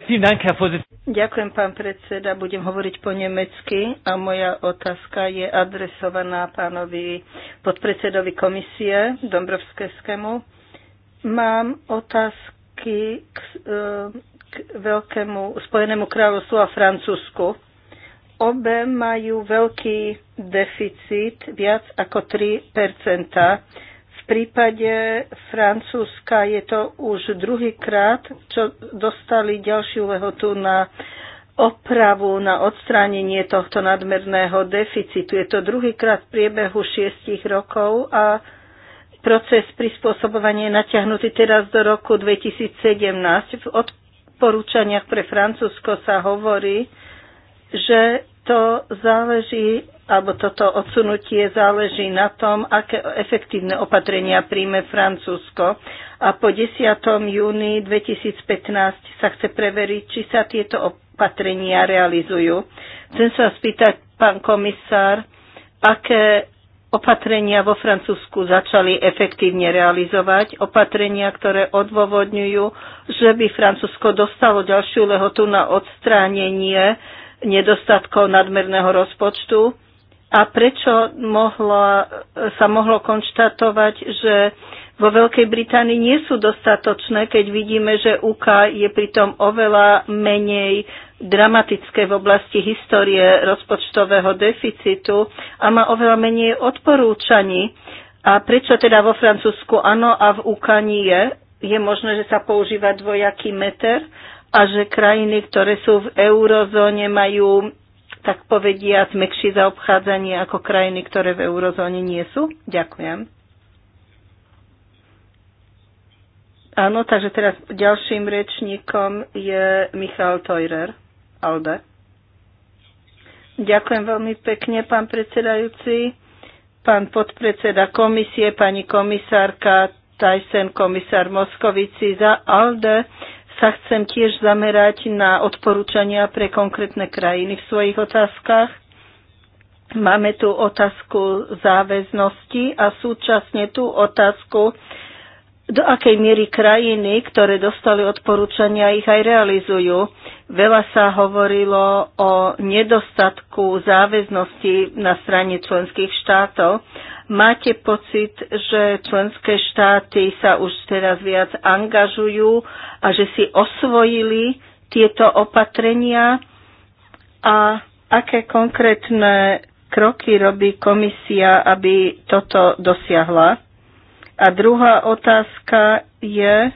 Ďakujem, pán predseda. Budem hovoriť po nemecky a moja otázka je adresovaná pánovi podpredsedovi komisie Dombrovskému. Mám otázky k, eh, k veľkému Spojenému kráľovstvu a Francúzsku. Obe majú veľký deficit, viac ako 3 v prípade Francúzska je to už druhýkrát, čo dostali ďalšiu lehotu na opravu, na odstránenie tohto nadmerného deficitu. Je to druhýkrát v priebehu šiestich rokov a proces prispôsobovania je natiahnutý teraz do roku 2017. V odporúčaniach pre Francúzsko sa hovorí, že to záleží, alebo toto odsunutie záleží na tom, aké efektívne opatrenia príjme Francúzsko. A po 10. júni 2015 sa chce preveriť, či sa tieto opatrenia realizujú. Chcem sa spýtať, pán komisár, aké opatrenia vo Francúzsku začali efektívne realizovať, opatrenia, ktoré odôvodňujú, že by Francúzsko dostalo ďalšiu lehotu na odstránenie nedostatkov nadmerného rozpočtu a prečo mohlo, sa mohlo konštatovať, že vo Veľkej Británii nie sú dostatočné, keď vidíme, že UK je pritom oveľa menej dramatické v oblasti histórie rozpočtového deficitu a má oveľa menej odporúčaní. A prečo teda vo Francúzsku áno a v UK nie? Je možné, že sa používa dvojaký meter a že krajiny, ktoré sú v eurozóne, majú tak povedia povediať za obchádzanie ako krajiny, ktoré v eurozóne nie sú? Ďakujem. Áno, takže teraz ďalším rečníkom je Michal Teurer, Alde. Ďakujem veľmi pekne, pán predsedajúci, pán podpredseda komisie, pani komisárka Tyson, komisár Moskovici za Alde sa chcem tiež zamerať na odporúčania pre konkrétne krajiny v svojich otázkach. Máme tu otázku záväznosti a súčasne tú otázku do akej miery krajiny, ktoré dostali odporúčania, ich aj realizujú. Veľa sa hovorilo o nedostatku záväznosti na strane členských štátov. Máte pocit, že členské štáty sa už teraz viac angažujú a že si osvojili tieto opatrenia? A aké konkrétne kroky robí komisia, aby toto dosiahla? A druhá otázka je,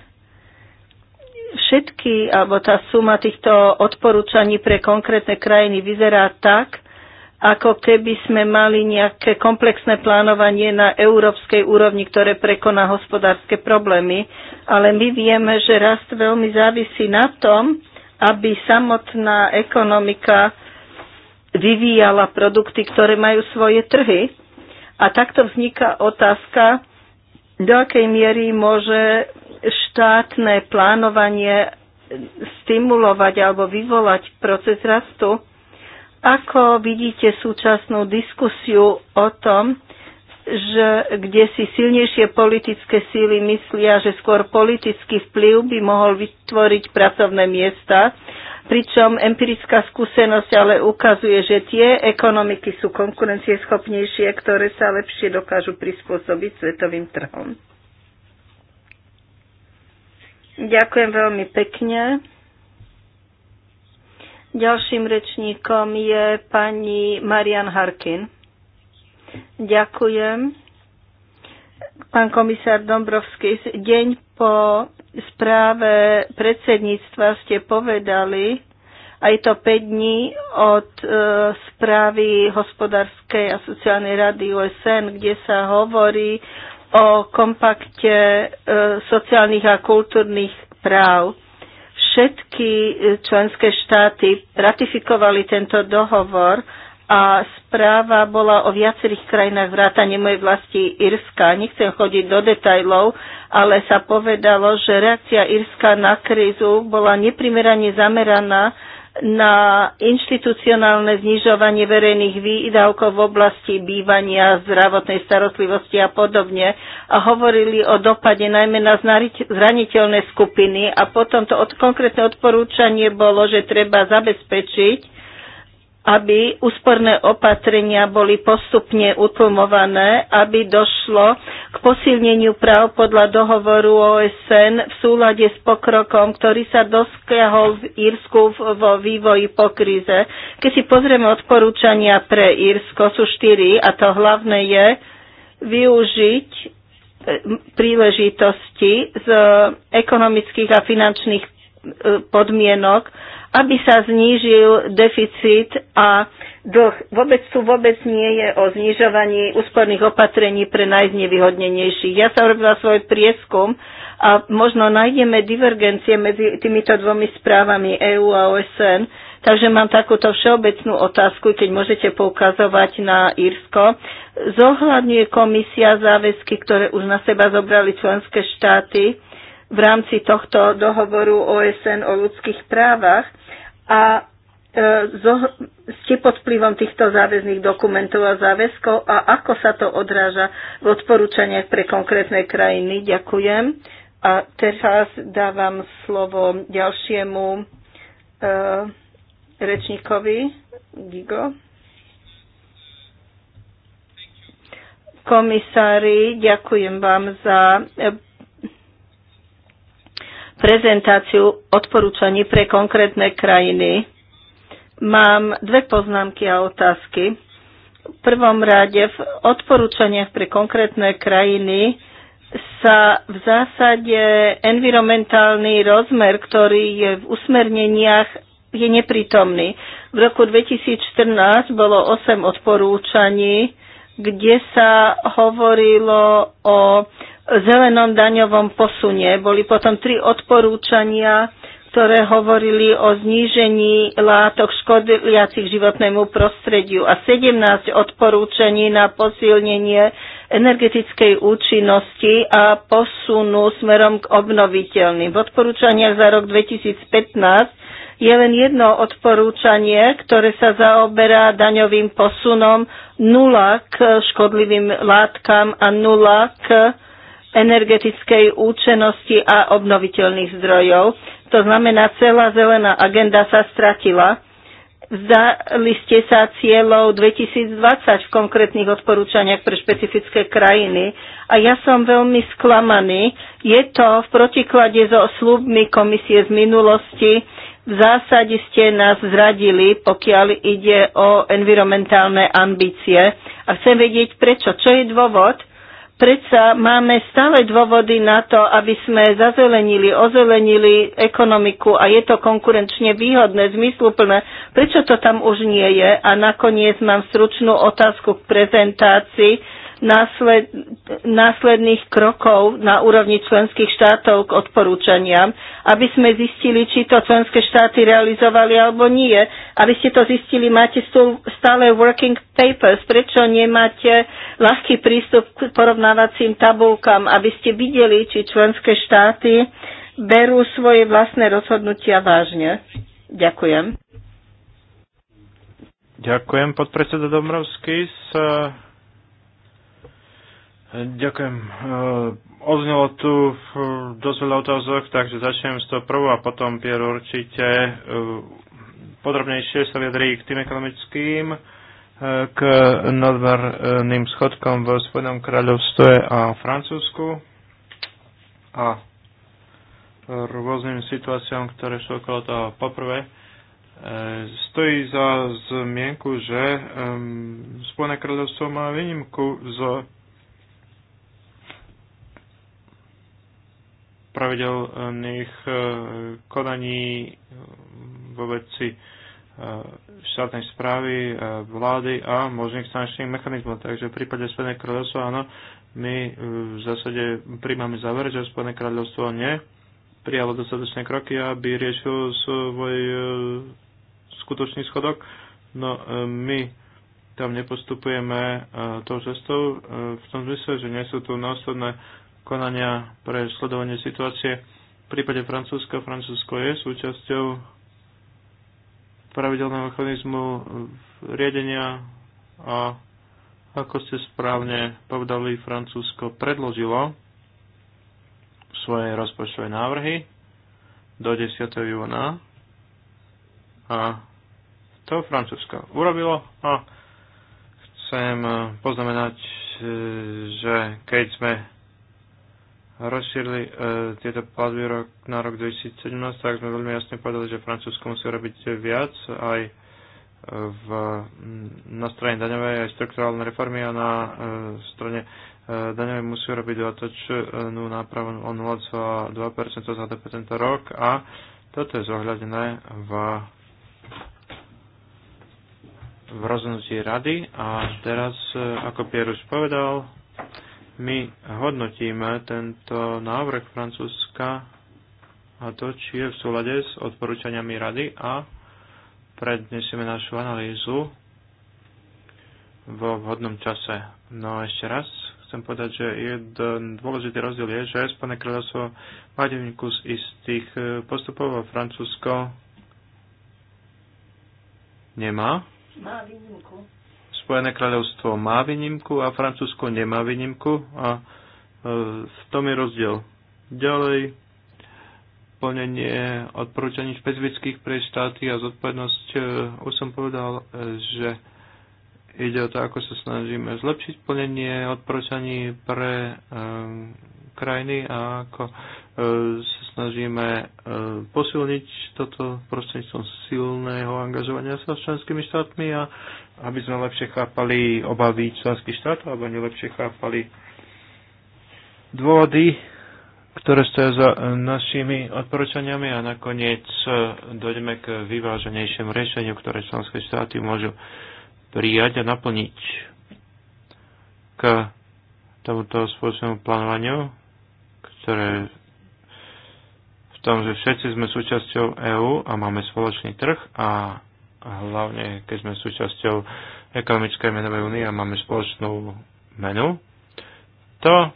všetky, alebo tá suma týchto odporúčaní pre konkrétne krajiny vyzerá tak, ako keby sme mali nejaké komplexné plánovanie na európskej úrovni, ktoré prekoná hospodárske problémy. Ale my vieme, že rast veľmi závisí na tom, aby samotná ekonomika vyvíjala produkty, ktoré majú svoje trhy. A takto vzniká otázka, do akej miery môže štátne plánovanie stimulovať alebo vyvolať proces rastu. Ako vidíte súčasnú diskusiu o tom, že kde si silnejšie politické síly myslia, že skôr politický vplyv by mohol vytvoriť pracovné miesta pričom empirická skúsenosť ale ukazuje, že tie ekonomiky sú konkurencieschopnejšie, ktoré sa lepšie dokážu prispôsobiť svetovým trhom. Ďakujem veľmi pekne. Ďalším rečníkom je pani Marian Harkin. Ďakujem. Pán komisár Dombrovský, deň po správe predsedníctva ste povedali, a je to 5 dní od e, správy hospodárskej a sociálnej rady OSN, kde sa hovorí o kompakte e, sociálnych a kultúrnych práv. Všetky e, členské štáty ratifikovali tento dohovor a správa bola o viacerých krajinách vrátane mojej vlasti Irska. Nechcem chodiť do detajlov, ale sa povedalo, že reakcia Irska na krízu bola neprimerane zameraná na inštitucionálne znižovanie verejných výdavkov v oblasti bývania, zdravotnej starostlivosti a podobne a hovorili o dopade najmä na zraniteľné skupiny a potom to od, konkrétne odporúčanie bolo, že treba zabezpečiť, aby úsporné opatrenia boli postupne utlmované, aby došlo k posilneniu práv podľa dohovoru OSN v súlade s pokrokom, ktorý sa dosiahol v Írsku vo vývoji po kríze. Keď si pozrieme odporúčania pre Írsko, sú štyri a to hlavné je využiť e, príležitosti z ekonomických a finančných e, podmienok, aby sa znížil deficit a dlh. Vôbec tu vôbec nie je o znižovaní úsporných opatrení pre najznevýhodnenejších. Ja som robila svoj prieskum a možno nájdeme divergencie medzi týmito dvomi správami EÚ a OSN. Takže mám takúto všeobecnú otázku, keď môžete poukazovať na Írsko. Zohľadňuje komisia záväzky, ktoré už na seba zobrali členské štáty v rámci tohto dohovoru OSN o ľudských právach a e, ste pod vplyvom týchto záväzných dokumentov a záväzkov a ako sa to odráža v odporúčaniach pre konkrétne krajiny. Ďakujem. A teraz dávam slovo ďalšiemu e, rečníkovi, Gigo. Komisári, ďakujem vám za prezentáciu odporúčaní pre konkrétne krajiny. Mám dve poznámky a otázky. V prvom rade v odporúčaniach pre konkrétne krajiny sa v zásade environmentálny rozmer, ktorý je v usmerneniach, je neprítomný. V roku 2014 bolo 8 odporúčaní, kde sa hovorilo o zelenom daňovom posune. Boli potom tri odporúčania, ktoré hovorili o znížení látok škodiacich životnému prostrediu a 17 odporúčaní na posilnenie energetickej účinnosti a posunu smerom k obnoviteľným. V odporúčaniach za rok 2015 je len jedno odporúčanie, ktoré sa zaoberá daňovým posunom nula k škodlivým látkam a nula k energetickej účenosti a obnoviteľných zdrojov. To znamená, celá zelená agenda sa stratila. Vzdali ste sa cieľov 2020 v konkrétnych odporúčaniach pre špecifické krajiny a ja som veľmi sklamaný. Je to v protiklade so slubmi komisie z minulosti. V zásade ste nás zradili, pokiaľ ide o environmentálne ambície. A chcem vedieť prečo. Čo je dôvod? Predsa máme stále dôvody na to, aby sme zazelenili, ozelenili ekonomiku a je to konkurenčne výhodné, zmysluplné. Prečo to tam už nie je? A nakoniec mám stručnú otázku k prezentácii násled, následných krokov na úrovni členských štátov k odporúčaniam, aby sme zistili, či to členské štáty realizovali alebo nie. Aby ste to zistili, máte stále working papers, prečo nemáte ľahký prístup k porovnávacím tabulkám, aby ste videli, či členské štáty berú svoje vlastné rozhodnutia vážne. Ďakujem. Ďakujem, podpredseda Domrovský. S Ďakujem. E, odznelo tu dosť veľa otázok, takže začnem s to prvou a potom Pier určite e, podrobnejšie sa vyjadrí k tým ekonomickým, e, k nadmerným schodkom v Spojenom kráľovstve a Francúzsku a rôznym situáciám, ktoré sú okolo toho. Poprvé, stojí za zmienku, že Spojené kráľovstvo má výnimku z pravidelných e, konaní e, vo veci e, štátnej správy, vlády a možných sankčných mechanizmov. Takže v prípade Spojené kráľovstva, áno, my v zásade príjmame záver, že Spojené kráľovstvo nie prijalo dostatočné kroky, aby riešilo svoj skutočný schodok. No my tam nepostupujeme tou cestou v tom zmysle, že nie sú tu následné konania pre sledovanie situácie. V prípade Francúzska, Francúzsko je súčasťou pravidelného mechanizmu riadenia a ako ste správne povedali, Francúzsko predložilo svoje rozpočtové návrhy do 10. júna a to Francúzsko urobilo a chcem poznamenať, e, že keď sme rozšírili e, tieto platby rok, na rok 2017, tak sme veľmi jasne povedali, že Francúzsko musí robiť viac aj v, na strane daňovej aj strukturálnej reformy a na e, strane e, daňovej musí robiť dodatočnú nápravu o 0,2% za tento rok a toto je zohľadené v v rozhodnutí rady a teraz, e, ako Pierus povedal, my hodnotíme tento návrh Francúzska a to, či je v súlade s odporúčaniami rady a prednesieme našu analýzu vo vhodnom čase. No ešte raz chcem povedať, že jeden dôležitý rozdiel je, že Spojené kráľovstvo má jeden kus istých e, postupov a Francúzsko nemá. Má výnimku. Spojené kráľovstvo má výnimku a Francúzsko nemá výnimku a e, v tom je rozdiel. Ďalej, plnenie odporúčaní špecifických pre štáty a zodpovednosť e, už som povedal, e, že ide o to, ako sa snažíme zlepšiť plnenie odporúčaní pre krajiny a ako e, sa snažíme e, posilniť toto prostredníctvom silného angažovania sa s členskými štátmi a aby sme lepšie chápali obavy členských štátov, aby oni lepšie chápali dôvody, ktoré stojí za našimi odporúčaniami a nakoniec e, dojdeme k vyváženejšiemu riešeniu, ktoré členské štáty môžu prijať a naplniť k tomuto spoločnému plánovaniu ktoré v tom, že všetci sme súčasťou EÚ a máme spoločný trh a hlavne keď sme súčasťou ekonomickej menovej únie a máme spoločnú menu, to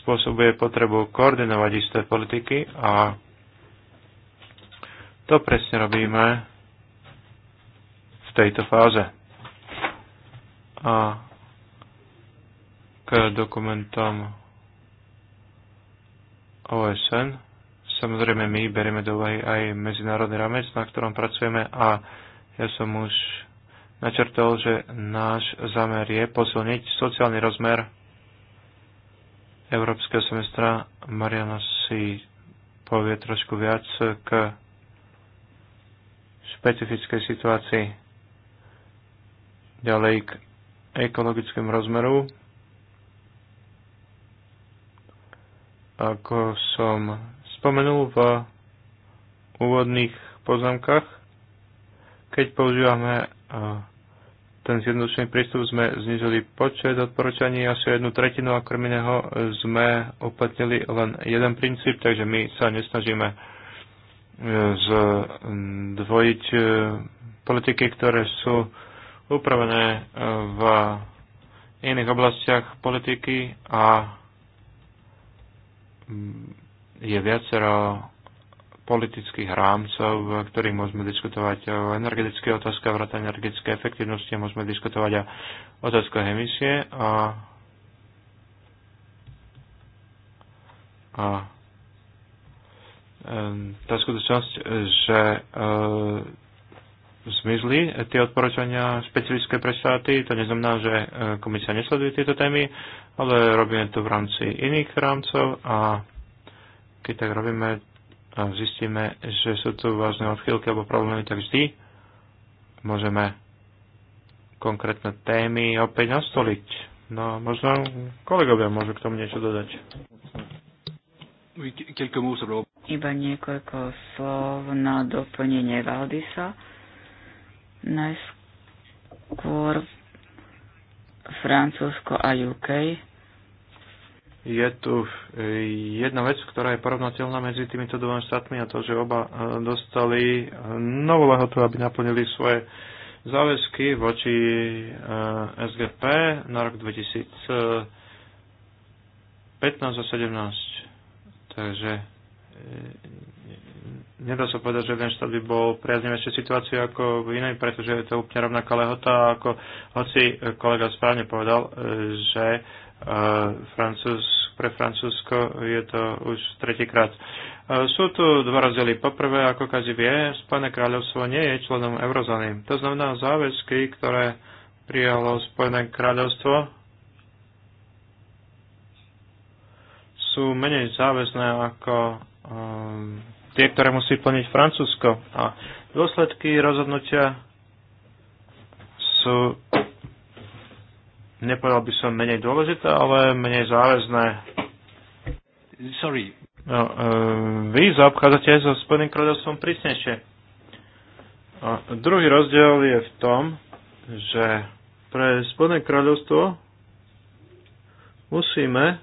spôsobuje potrebu koordinovať isté politiky a to presne robíme v tejto fáze. A k dokumentom OSN. Samozrejme, my berieme do úvahy aj medzinárodný ramec, na ktorom pracujeme a ja som už načrtol, že náš zámer je posilniť sociálny rozmer európskeho semestra. Mariana si povie trošku viac k špecifickej situácii. Ďalej k ekologickému rozmeru Ako som spomenul v úvodných poznámkach, keď používame e, ten zjednodušený prístup, sme znižili počet odporúčaní asi jednu tretinu a krem iného sme uplatnili len jeden princíp, takže my sa nesnažíme e, zdvojiť e, politiky, ktoré sú upravené v iných oblastiach politiky a Mm, je viacero politických rámcov, v ktorých môžeme diskutovať o energetické otázke, vrátane energetické efektivnosti, môžeme diskutovať o otázkach emisie a, a tá skutočnosť, že e, zmizli tie odporúčania špecifické pre štáty. To neznamená, že e, komisia nesleduje tieto témy, ale robíme to v rámci iných rámcov a keď tak robíme a zistíme, že sú tu vážne odchýlky alebo problémy, tak vždy môžeme konkrétne témy opäť nastoliť. No, možno kolegovia môžu k tomu niečo dodať. Iba niekoľko slov na doplnenie Valdisa Najskôr Francúzsko a UK. Je tu e, jedna vec, ktorá je porovnateľná medzi týmito dvoma štátmi a to, že oba e, dostali e, novú lehotu, aby naplnili svoje záväzky voči SGP na rok 2015 a 17. Takže nedá sa povedať, že jeden štát by bol priaznivejšej situáciu ako v inej, pretože je to úplne rovnaká lehota, ako hoci kolega správne povedal, e, že e, Francúz, pre Francúzsko je to už tretíkrát. E, sú tu dva rozdiely. Poprvé, ako každý vie, Spojené kráľovstvo nie je členom eurozóny. To znamená záväzky, ktoré prijalo Spojené kráľovstvo sú menej záväzné ako um, tie, ktoré musí plniť Francúzsko. A dôsledky rozhodnutia sú, nepovedal by som menej dôležité, ale menej záväzné. Sorry. No, e, vy zaobchádzate so Spojeným kráľovstvom prísnejšie. A druhý rozdiel je v tom, že pre Spojené kráľovstvo musíme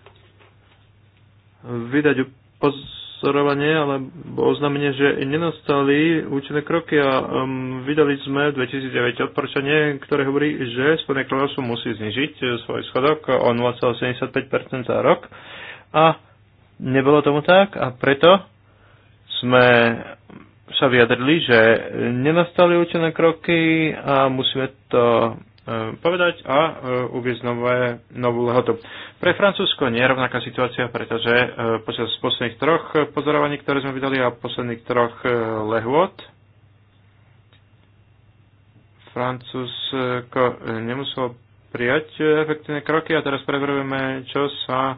vydať poz- pozorovanie alebo oznámenie, že nenastali účinné kroky a um, vydali sme v 2009 odporčanie, ktoré hovorí, že Spodné kráľovstvo musí znižiť e, svoj schodok o 0,75% za rok a nebolo tomu tak a preto sme sa vyjadrili, že nenastali účinné kroky a musíme to povedať a e, uviezť nové, novú lehotu. Pre Francúzsko nie je rovnaká situácia, pretože e, počas posledných troch pozorovaní, ktoré sme vydali a posledných troch e, lehôd, Francúzsko nemuselo prijať efektívne kroky a teraz preverujeme, čo sa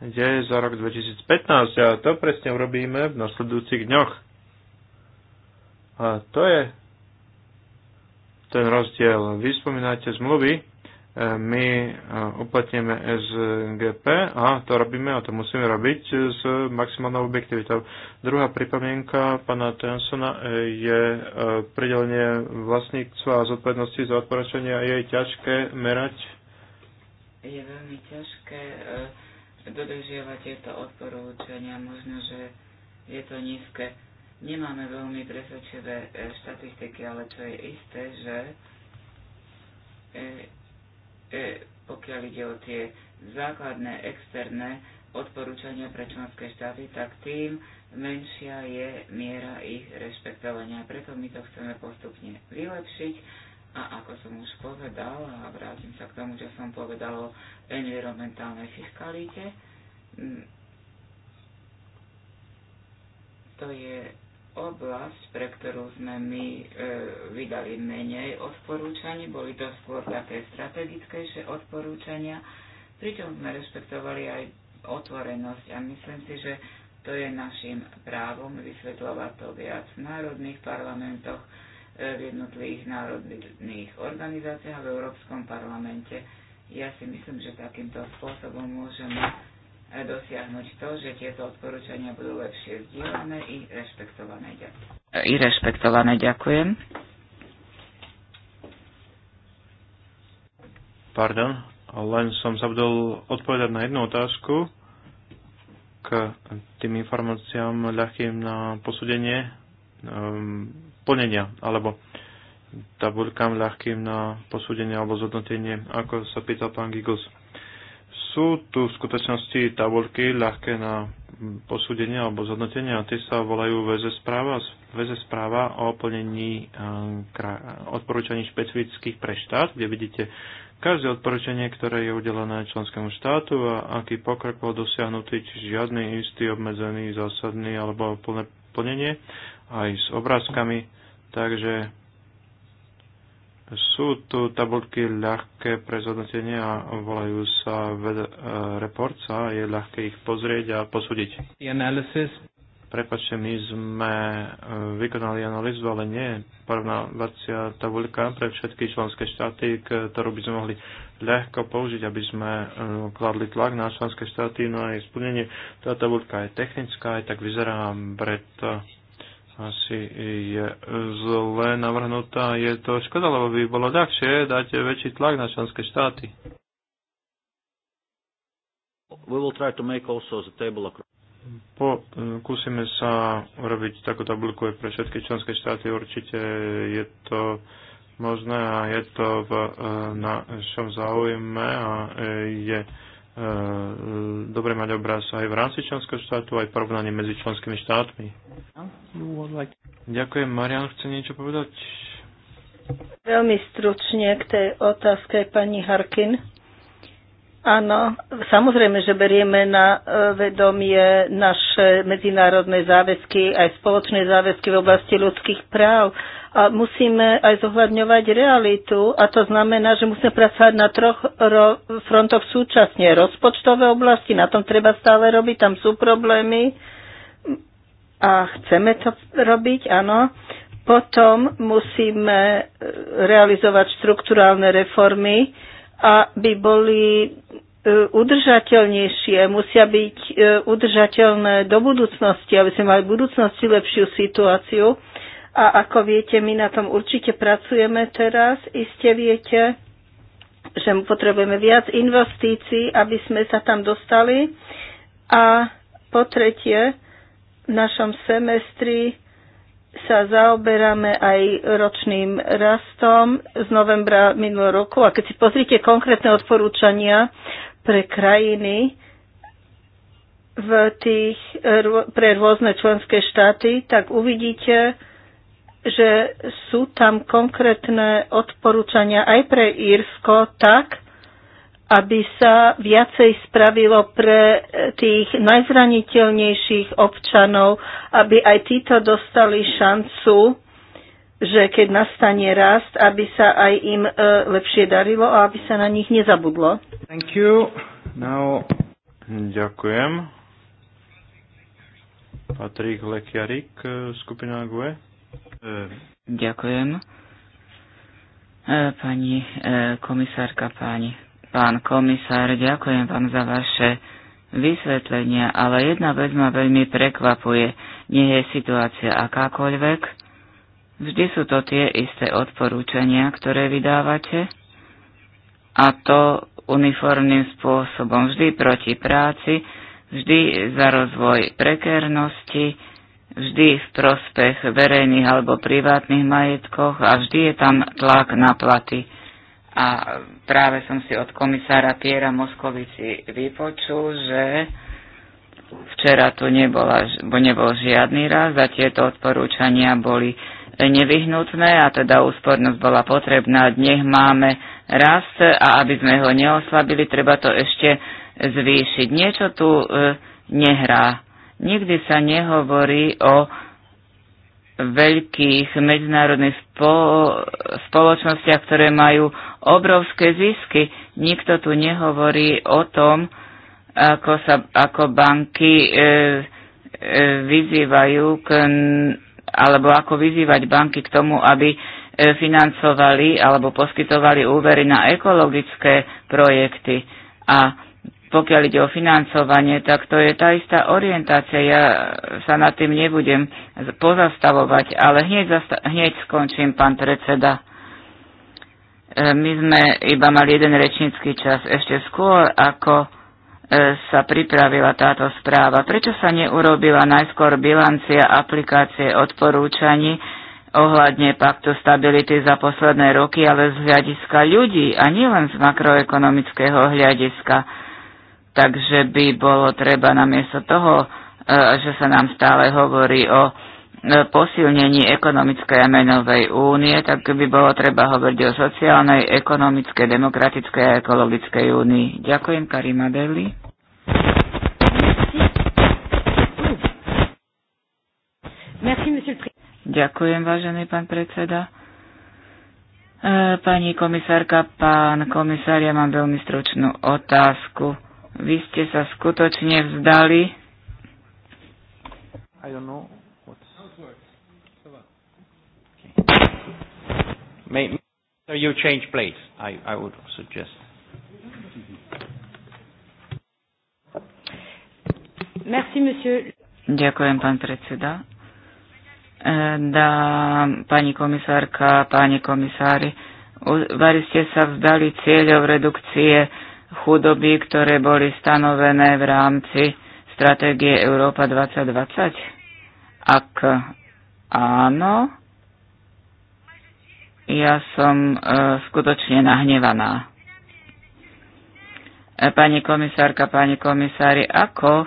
deje za rok 2015 a to presne urobíme v nasledujúcich dňoch. A to je ten rozdiel. Vy spomínate zmluvy, e, my e, uplatníme SGP a to robíme a to musíme robiť e, s maximálnou objektivitou. Druhá pripomienka pána Tensona je pridelenie vlastníctva a zodpovednosti za odporúčania. Je ťažké merať? Je veľmi ťažké dodržiavať tieto odporúčania. Možno, že je to nízke Nemáme veľmi presvedčivé e, štatistiky, ale čo je isté, že e, e, pokiaľ ide o tie základné externé odporúčania pre členské štáty, tak tým menšia je miera ich rešpektovania. Preto my to chceme postupne vylepšiť a ako som už povedal, a vrátim sa k tomu, čo som povedal o environmentálnej fiskalite, to je oblasť, pre ktorú sme my e, vydali menej odporúčaní, boli to skôr také strategickejšie odporúčania, pričom sme rešpektovali aj otvorenosť a myslím si, že to je našim právom vysvetľovať to viac v národných parlamentoch, e, v jednotlivých národných organizáciách a v Európskom parlamente. Ja si myslím, že takýmto spôsobom môžeme dosiahnuť to, že tieto odporúčania budú lepšie vzdielané i rešpektované. Ďakujem. I rešpektované, ďakujem. Pardon, len som zabudol odpovedať na jednu otázku k tým informáciám ľahkým na posúdenie um, plnenia, alebo tabulkám ľahkým na posúdenie alebo zhodnotenie, ako sa pýtal pán Gigos sú tu v skutočnosti tabulky ľahké na posúdenie alebo zhodnotenie a tie sa volajú VZ správa, VZ správa o plnení e, odporúčaní špecifických pre štát, kde vidíte každé odporúčanie, ktoré je udelené členskému štátu a aký pokrok bol dosiahnutý, či žiadny istý, obmedzený, zásadný alebo plné plnenie aj s obrázkami. Takže sú tu tabulky ľahké pre zhodnotenie a volajú sa ved, e, reports a je ľahké ich pozrieť a posúdiť. Analysis. Prepačte, my sme e, vykonali analýzu, ale nie porovnávacia tabuľka pre všetky členské štáty, ktorú by sme mohli ľahko použiť, aby sme e, kladli tlak na členské štáty no aj splnenie. Tá tabuľka je technická, aj tak vyzerá, preto asi je zle navrhnutá, je to škoda, lebo by bolo ľahšie dať väčší tlak na členské štáty. We will try to make also the table Pokúsime sa urobiť takú tabulku aj pre všetky členské štáty. Určite je to možné a je to v eh, našom záujme a eh, je E, e, dobre mať obraz aj v rámci členského štátu, aj porovnanie medzi členskými štátmi. Ďakujem. Marian chce niečo povedať? Veľmi stručne k tej otázke pani Harkin. Áno, samozrejme, že berieme na e, vedomie naše medzinárodné záväzky, aj spoločné záväzky v oblasti ľudských práv. A musíme aj zohľadňovať realitu a to znamená, že musíme pracovať na troch frontoch súčasne. Rozpočtové oblasti, na tom treba stále robiť, tam sú problémy a chceme to robiť, áno. Potom musíme e, realizovať štruktúrálne reformy, aby boli e, udržateľnejšie, musia byť e, udržateľné do budúcnosti, aby sme mali v budúcnosti lepšiu situáciu. A ako viete, my na tom určite pracujeme teraz. Iste viete, že potrebujeme viac investícií, aby sme sa tam dostali. A po tretie, v našom semestri sa zaoberáme aj ročným rastom z novembra minulého roku. A keď si pozrite konkrétne odporúčania pre krajiny v tých, pre rôzne členské štáty, tak uvidíte, že sú tam konkrétne odporúčania aj pre Írsko tak, aby sa viacej spravilo pre e, tých najzraniteľnejších občanov, aby aj títo dostali šancu, že keď nastane rast, aby sa aj im e, lepšie darilo a aby sa na nich nezabudlo. Thank you. Now... Ďakujem. Patrik Lekiarik, e, skupina GUE. Ďakujem. E, pani komisárka, páni Pán komisár, ďakujem vám za vaše vysvetlenia, ale jedna vec ma veľmi prekvapuje. Nie je situácia akákoľvek? Vždy sú to tie isté odporúčania, ktoré vydávate? A to uniformným spôsobom, vždy proti práci, vždy za rozvoj prekernosti, vždy v prospech verejných alebo privátnych majetkoch a vždy je tam tlak na platy. A práve som si od komisára Piera Moskovici vypočul, že včera tu nebola, nebol žiadny raz a tieto odporúčania boli nevyhnutné a teda úspornosť bola potrebná. Dnes máme rast a aby sme ho neoslabili, treba to ešte zvýšiť. Niečo tu e, nehrá. Nikdy sa nehovorí o veľkých medzinárodných spo- spoločnostiach, ktoré majú obrovské zisky. Nikto tu nehovorí o tom, ako, sa, ako banky e, e, vyzývajú, k, alebo ako vyzývať banky k tomu, aby e, financovali alebo poskytovali úvery na ekologické projekty. A pokiaľ ide o financovanie, tak to je tá istá orientácia. Ja sa nad tým nebudem pozastavovať, ale hneď, hneď skončím, pán predseda. E, my sme iba mali jeden rečnícky čas ešte skôr, ako e, sa pripravila táto správa. Prečo sa neurobila najskôr bilancia aplikácie odporúčaní ohľadne paktu stability za posledné roky, ale z hľadiska ľudí a nielen z makroekonomického hľadiska? Takže by bolo treba namiesto toho, e, že sa nám stále hovorí o e, posilnení ekonomickej a menovej únie, tak by bolo treba hovoriť o sociálnej, ekonomickej, demokratickej a ekologickej únii. Ďakujem, Karima Deli. Ďakujem, vážený pán predseda. E, pani komisárka, pán komisár, ja mám veľmi stručnú otázku vy ste sa skutočne vzdali. I don't know May, may you change place, I, I would suggest. Merci, monsieur. Ďakujem, pán predseda. E, dá pani komisárka, páni komisári, varí ste sa vzdali cieľov redukcie chudoby, ktoré boli stanovené v rámci stratégie Európa 2020? Ak áno, ja som e, skutočne nahnevaná. E, pani komisárka, pani komisári, ako e,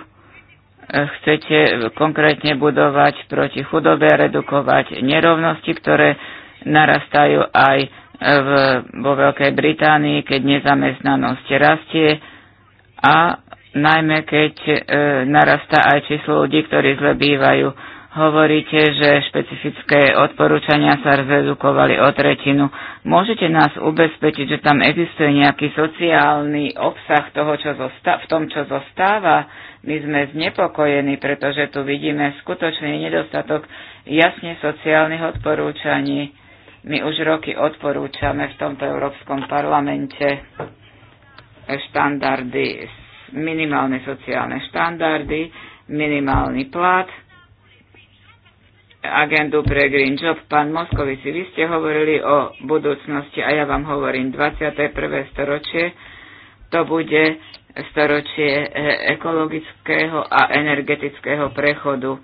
chcete konkrétne budovať proti chudobe, redukovať nerovnosti, ktoré narastajú aj v, vo Veľkej Británii, keď nezamestnanosť rastie a najmä keď e, narastá aj číslo ľudí, ktorí zle bývajú. Hovoríte, že špecifické odporúčania sa zredukovali o tretinu. Môžete nás ubezpečiť, že tam existuje nejaký sociálny obsah toho, čo zosta- v tom, čo zostáva? My sme znepokojení, pretože tu vidíme skutočný nedostatok jasne sociálnych odporúčaní my už roky odporúčame v tomto Európskom parlamente štandardy, minimálne sociálne štandardy, minimálny plat, agendu pre Green Job. Pán Moskovici, vy ste hovorili o budúcnosti a ja vám hovorím 21. storočie. To bude storočie e, ekologického a energetického prechodu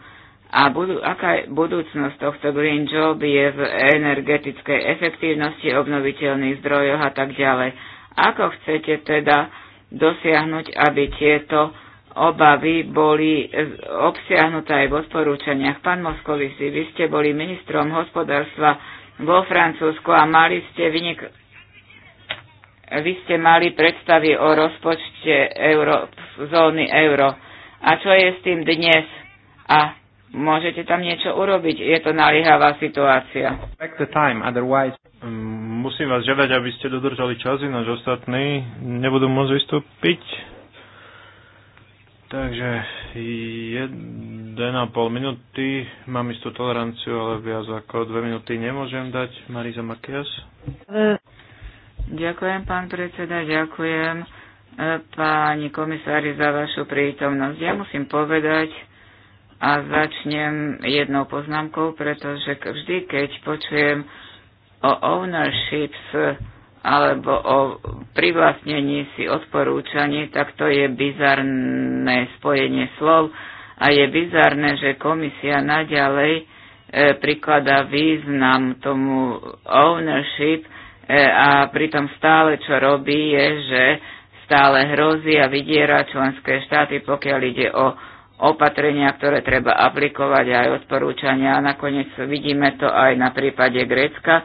a budú, aká budúcnosť tohto Green Job je v energetickej efektívnosti, obnoviteľných zdrojoch a tak ďalej. Ako chcete teda dosiahnuť, aby tieto obavy boli obsiahnuté aj v odporúčaniach. Pán Moskovici, vy ste boli ministrom hospodárstva vo Francúzsku a mali ste vynik... Vy ste mali predstavy o rozpočte euro, zóny euro. A čo je s tým dnes? A Môžete tam niečo urobiť, je to naliehavá situácia. Time, otherwise... Mm, musím vás žiadať, aby ste dodržali čas, ináč ostatní nebudú môcť vystúpiť. Takže 1,5 minúty, mám istú toleranciu, ale viac ako 2 minúty nemôžem dať. Marisa Makias. Ďakujem, pán predseda, ďakujem eh, pani komisári za vašu prítomnosť. Ja musím povedať, a začnem jednou poznámkou, pretože vždy, keď počujem o ownerships eh, alebo o privlastnení si odporúčaní, tak to je bizarné spojenie slov a je bizarné, že komisia naďalej e, prikladá význam tomu ownership e, a pritom stále čo robí je, že stále hrozí a vydiera členské štáty, pokiaľ ide o opatrenia, ktoré treba aplikovať aj odporúčania. A nakoniec vidíme to aj na prípade Grécka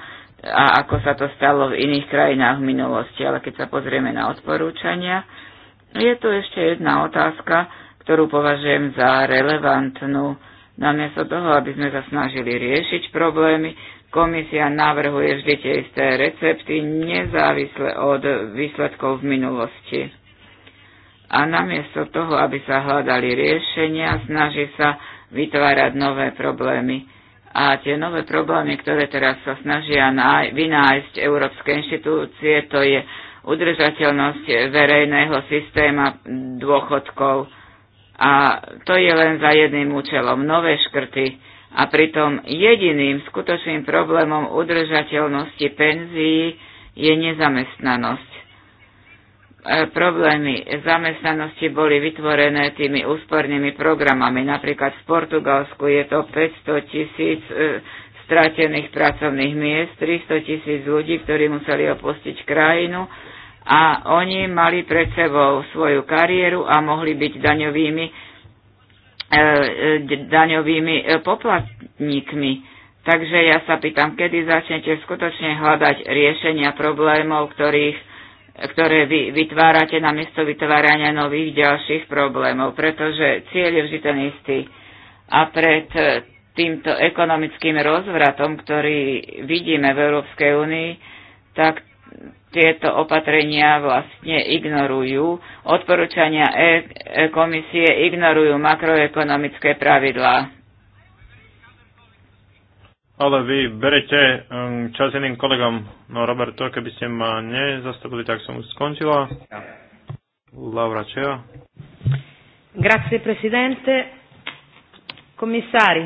a ako sa to stalo v iných krajinách v minulosti. Ale keď sa pozrieme na odporúčania, je tu ešte jedna otázka, ktorú považujem za relevantnú. Namiesto toho, aby sme sa snažili riešiť problémy, komisia navrhuje vždy tie isté recepty, nezávisle od výsledkov v minulosti a namiesto toho, aby sa hľadali riešenia, snaží sa vytvárať nové problémy. A tie nové problémy, ktoré teraz sa snažia vynájsť európske inštitúcie, to je udržateľnosť verejného systéma dôchodkov. A to je len za jedným účelom nové škrty. A pritom jediným skutočným problémom udržateľnosti penzií je nezamestnanosť. E, problémy zamestnanosti boli vytvorené tými úspornými programami. Napríklad v Portugalsku je to 500 tisíc e, stratených pracovných miest, 300 tisíc ľudí, ktorí museli opustiť krajinu a oni mali pred sebou svoju kariéru a mohli byť daňovými, e, daňovými poplatníkmi. Takže ja sa pýtam, kedy začnete skutočne hľadať riešenia problémov, ktorých ktoré vy vytvárate na miesto vytvárania nových ďalších problémov, pretože cieľ je vždy ten istý. A pred e, týmto ekonomickým rozvratom, ktorý vidíme v Európskej únii, tak tieto opatrenia vlastne ignorujú, odporúčania e-, e komisie ignorujú makroekonomické pravidlá ale vy berete um, čas iným kolegom. No Roberto, keby ste ma nezastavili, tak som už skončila. Laura Čeva. Grazie, presidente. Komisári.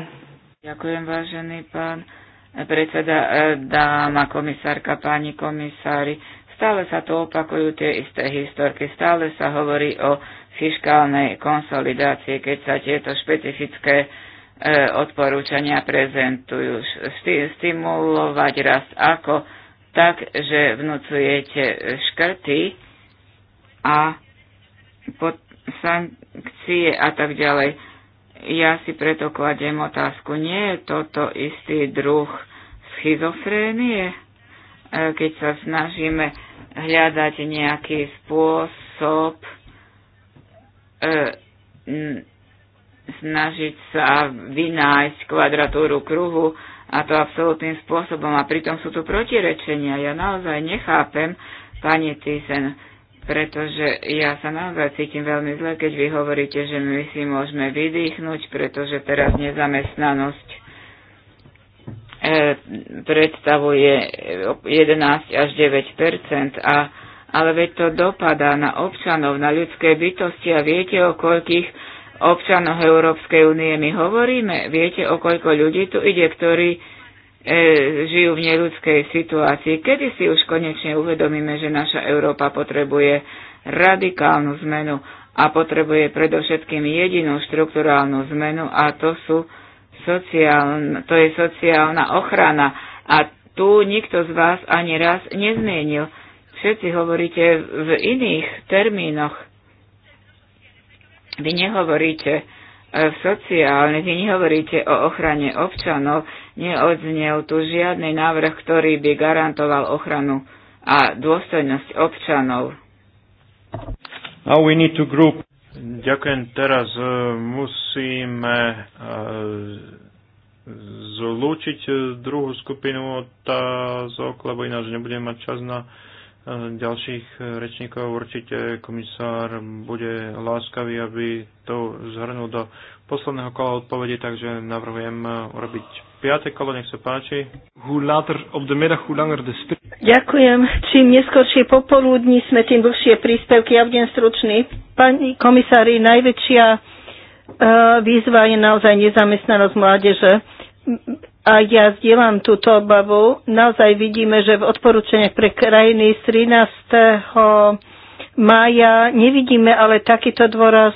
Ďakujem, vážený pán eh, predseda, eh, dáma komisárka, páni komisári. Stále sa to opakujú tie isté historky, stále sa hovorí o fiskálnej konsolidácii, keď sa tieto špecifické E, odporúčania prezentujú. Stimulovať raz ako tak, že vnúcujete škrty a pod sankcie a tak ďalej. Ja si preto kladiem otázku, nie je toto istý druh schizofrénie, e, keď sa snažíme hľadať nejaký spôsob, e, snažiť sa vynájsť kvadratúru kruhu a to absolútnym spôsobom. A pritom sú tu protirečenia. Ja naozaj nechápem, pani Tysen, pretože ja sa naozaj cítim veľmi zle, keď vy hovoríte, že my si môžeme vydýchnuť, pretože teraz nezamestnanosť e, predstavuje 11 až 9 a ale veď to dopadá na občanov, na ľudské bytosti a viete, o koľkých občanoch Európskej únie my hovoríme? Viete, o koľko ľudí tu ide, ktorí e, žijú v neľudskej situácii? Kedy si už konečne uvedomíme, že naša Európa potrebuje radikálnu zmenu a potrebuje predovšetkým jedinú štrukturálnu zmenu a to sú sociálna, to je sociálna ochrana a tu nikto z vás ani raz nezmienil. Všetci hovoríte v iných termínoch. Vy nehovoríte v e, sociálne, vy nehovoríte o ochrane občanov, neodznel tu žiadny návrh, ktorý by garantoval ochranu a dôstojnosť občanov. Now we need to group. Ďakujem. Teraz e, musíme e, zlúčiť druhú skupinu otázok, lebo ináč nebudeme mať čas na ďalších e, rečníkov. Určite komisár bude láskavý, aby to zhrnul do posledného kola odpovede, takže navrhujem e, urobiť piate kolo, nech sa páči. Ďakujem. Čím neskôršie popoludní sme, tým dlhšie príspevky. Ja budem stručný. Pani komisári, najväčšia e, výzva je naozaj nezamestnanosť mládeže a ja zdieľam túto obavu. Naozaj vidíme, že v odporúčaniach pre krajiny z 13. mája nevidíme ale takýto dôraz,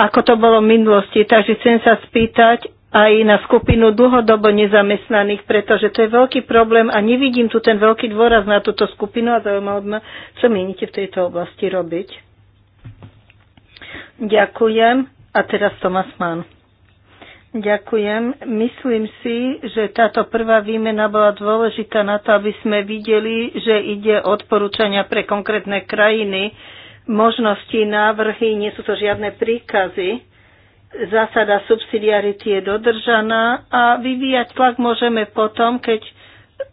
ako to bolo v minulosti. Takže chcem sa spýtať aj na skupinu dlhodobo nezamestnaných, pretože to je veľký problém a nevidím tu ten veľký dôraz na túto skupinu a zaujímavé ma, čo mienite v tejto oblasti robiť. Ďakujem. A teraz Tomas Mann. Ďakujem. Myslím si, že táto prvá výmena bola dôležitá na to, aby sme videli, že ide odporúčania pre konkrétne krajiny, možnosti, návrhy, nie sú to žiadne príkazy. Zásada subsidiarity je dodržaná a vyvíjať tlak môžeme potom, keď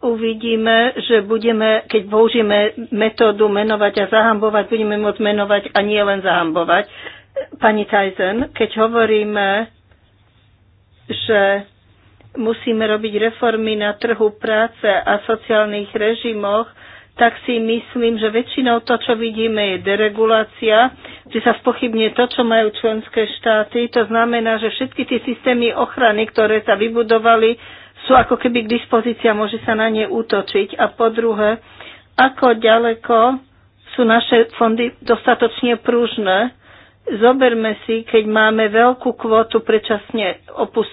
uvidíme, že budeme, keď použijeme metódu menovať a zahambovať, budeme môcť menovať a nie len zahambovať. Pani Tyson, keď hovoríme že musíme robiť reformy na trhu práce a sociálnych režimoch, tak si myslím, že väčšinou to, čo vidíme, je deregulácia, že sa spochybne to, čo majú členské štáty. To znamená, že všetky tie systémy ochrany, ktoré sa vybudovali, sú ako keby k dispozícii a môže sa na ne útočiť. A po druhé, ako ďaleko sú naše fondy dostatočne prúžne, Zoberme si, keď máme veľkú kvotu predčasne opus,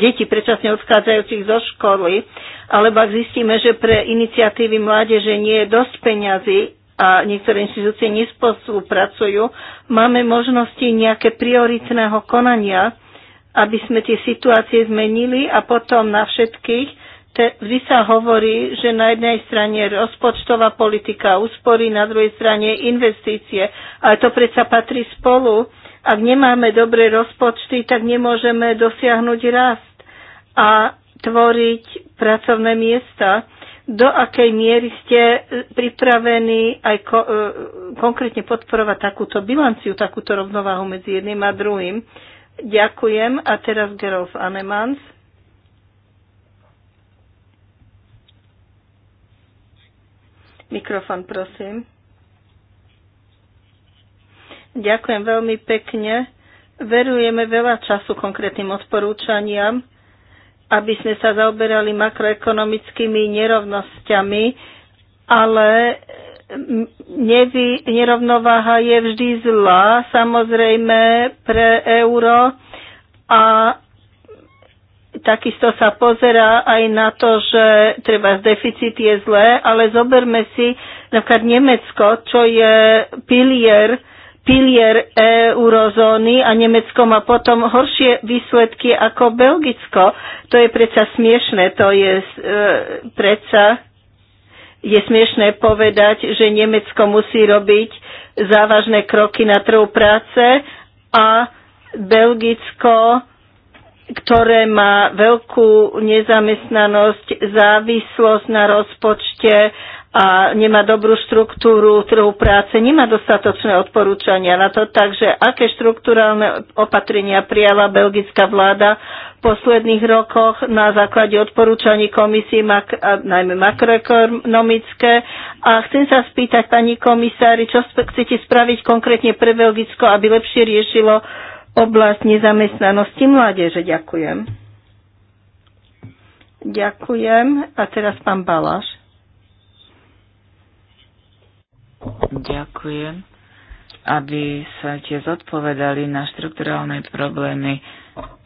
detí predčasne odchádzajúcich zo školy, alebo ak zistíme, že pre iniciatívy mládeže nie je dosť peňazí a niektoré inštitúcie pracujú, máme možnosti nejaké prioritného konania, aby sme tie situácie zmenili a potom na všetkých vždy sa hovorí, že na jednej strane rozpočtová politika úspory, na druhej strane investície, ale to predsa patrí spolu. Ak nemáme dobré rozpočty, tak nemôžeme dosiahnuť rast a tvoriť pracovné miesta. Do akej miery ste pripravení aj ko- e, konkrétne podporovať takúto bilanciu, takúto rovnováhu medzi jedným a druhým? Ďakujem a teraz Gerolf Anemans. Mikrofón, prosím. Ďakujem veľmi pekne. Verujeme veľa času konkrétnym odporúčaniam, aby sme sa zaoberali makroekonomickými nerovnosťami, ale nevy, nerovnováha je vždy zlá, samozrejme pre euro a Takisto sa pozerá aj na to, že treba deficit je zlé, ale zoberme si napríklad Nemecko, čo je pilier, pilier eurozóny a Nemecko má potom horšie výsledky ako Belgicko. To je predsa smiešne, to je e, predsa je smiešné povedať, že Nemecko musí robiť závažné kroky na trhu práce a Belgicko ktoré má veľkú nezamestnanosť, závislosť na rozpočte a nemá dobrú štruktúru trhu práce, nemá dostatočné odporúčania na to. Takže aké štruktúrálne opatrenia prijala belgická vláda v posledných rokoch na základe odporúčaní komisie, mak- a najmä makroekonomické. A chcem sa spýtať, pani komisári, čo chcete spraviť konkrétne pre Belgicko, aby lepšie riešilo Oblast nezamestnanosti mládeže. Ďakujem. Ďakujem. A teraz pán Baláš. Ďakujem. Aby sa tie zodpovedali na štrukturálne problémy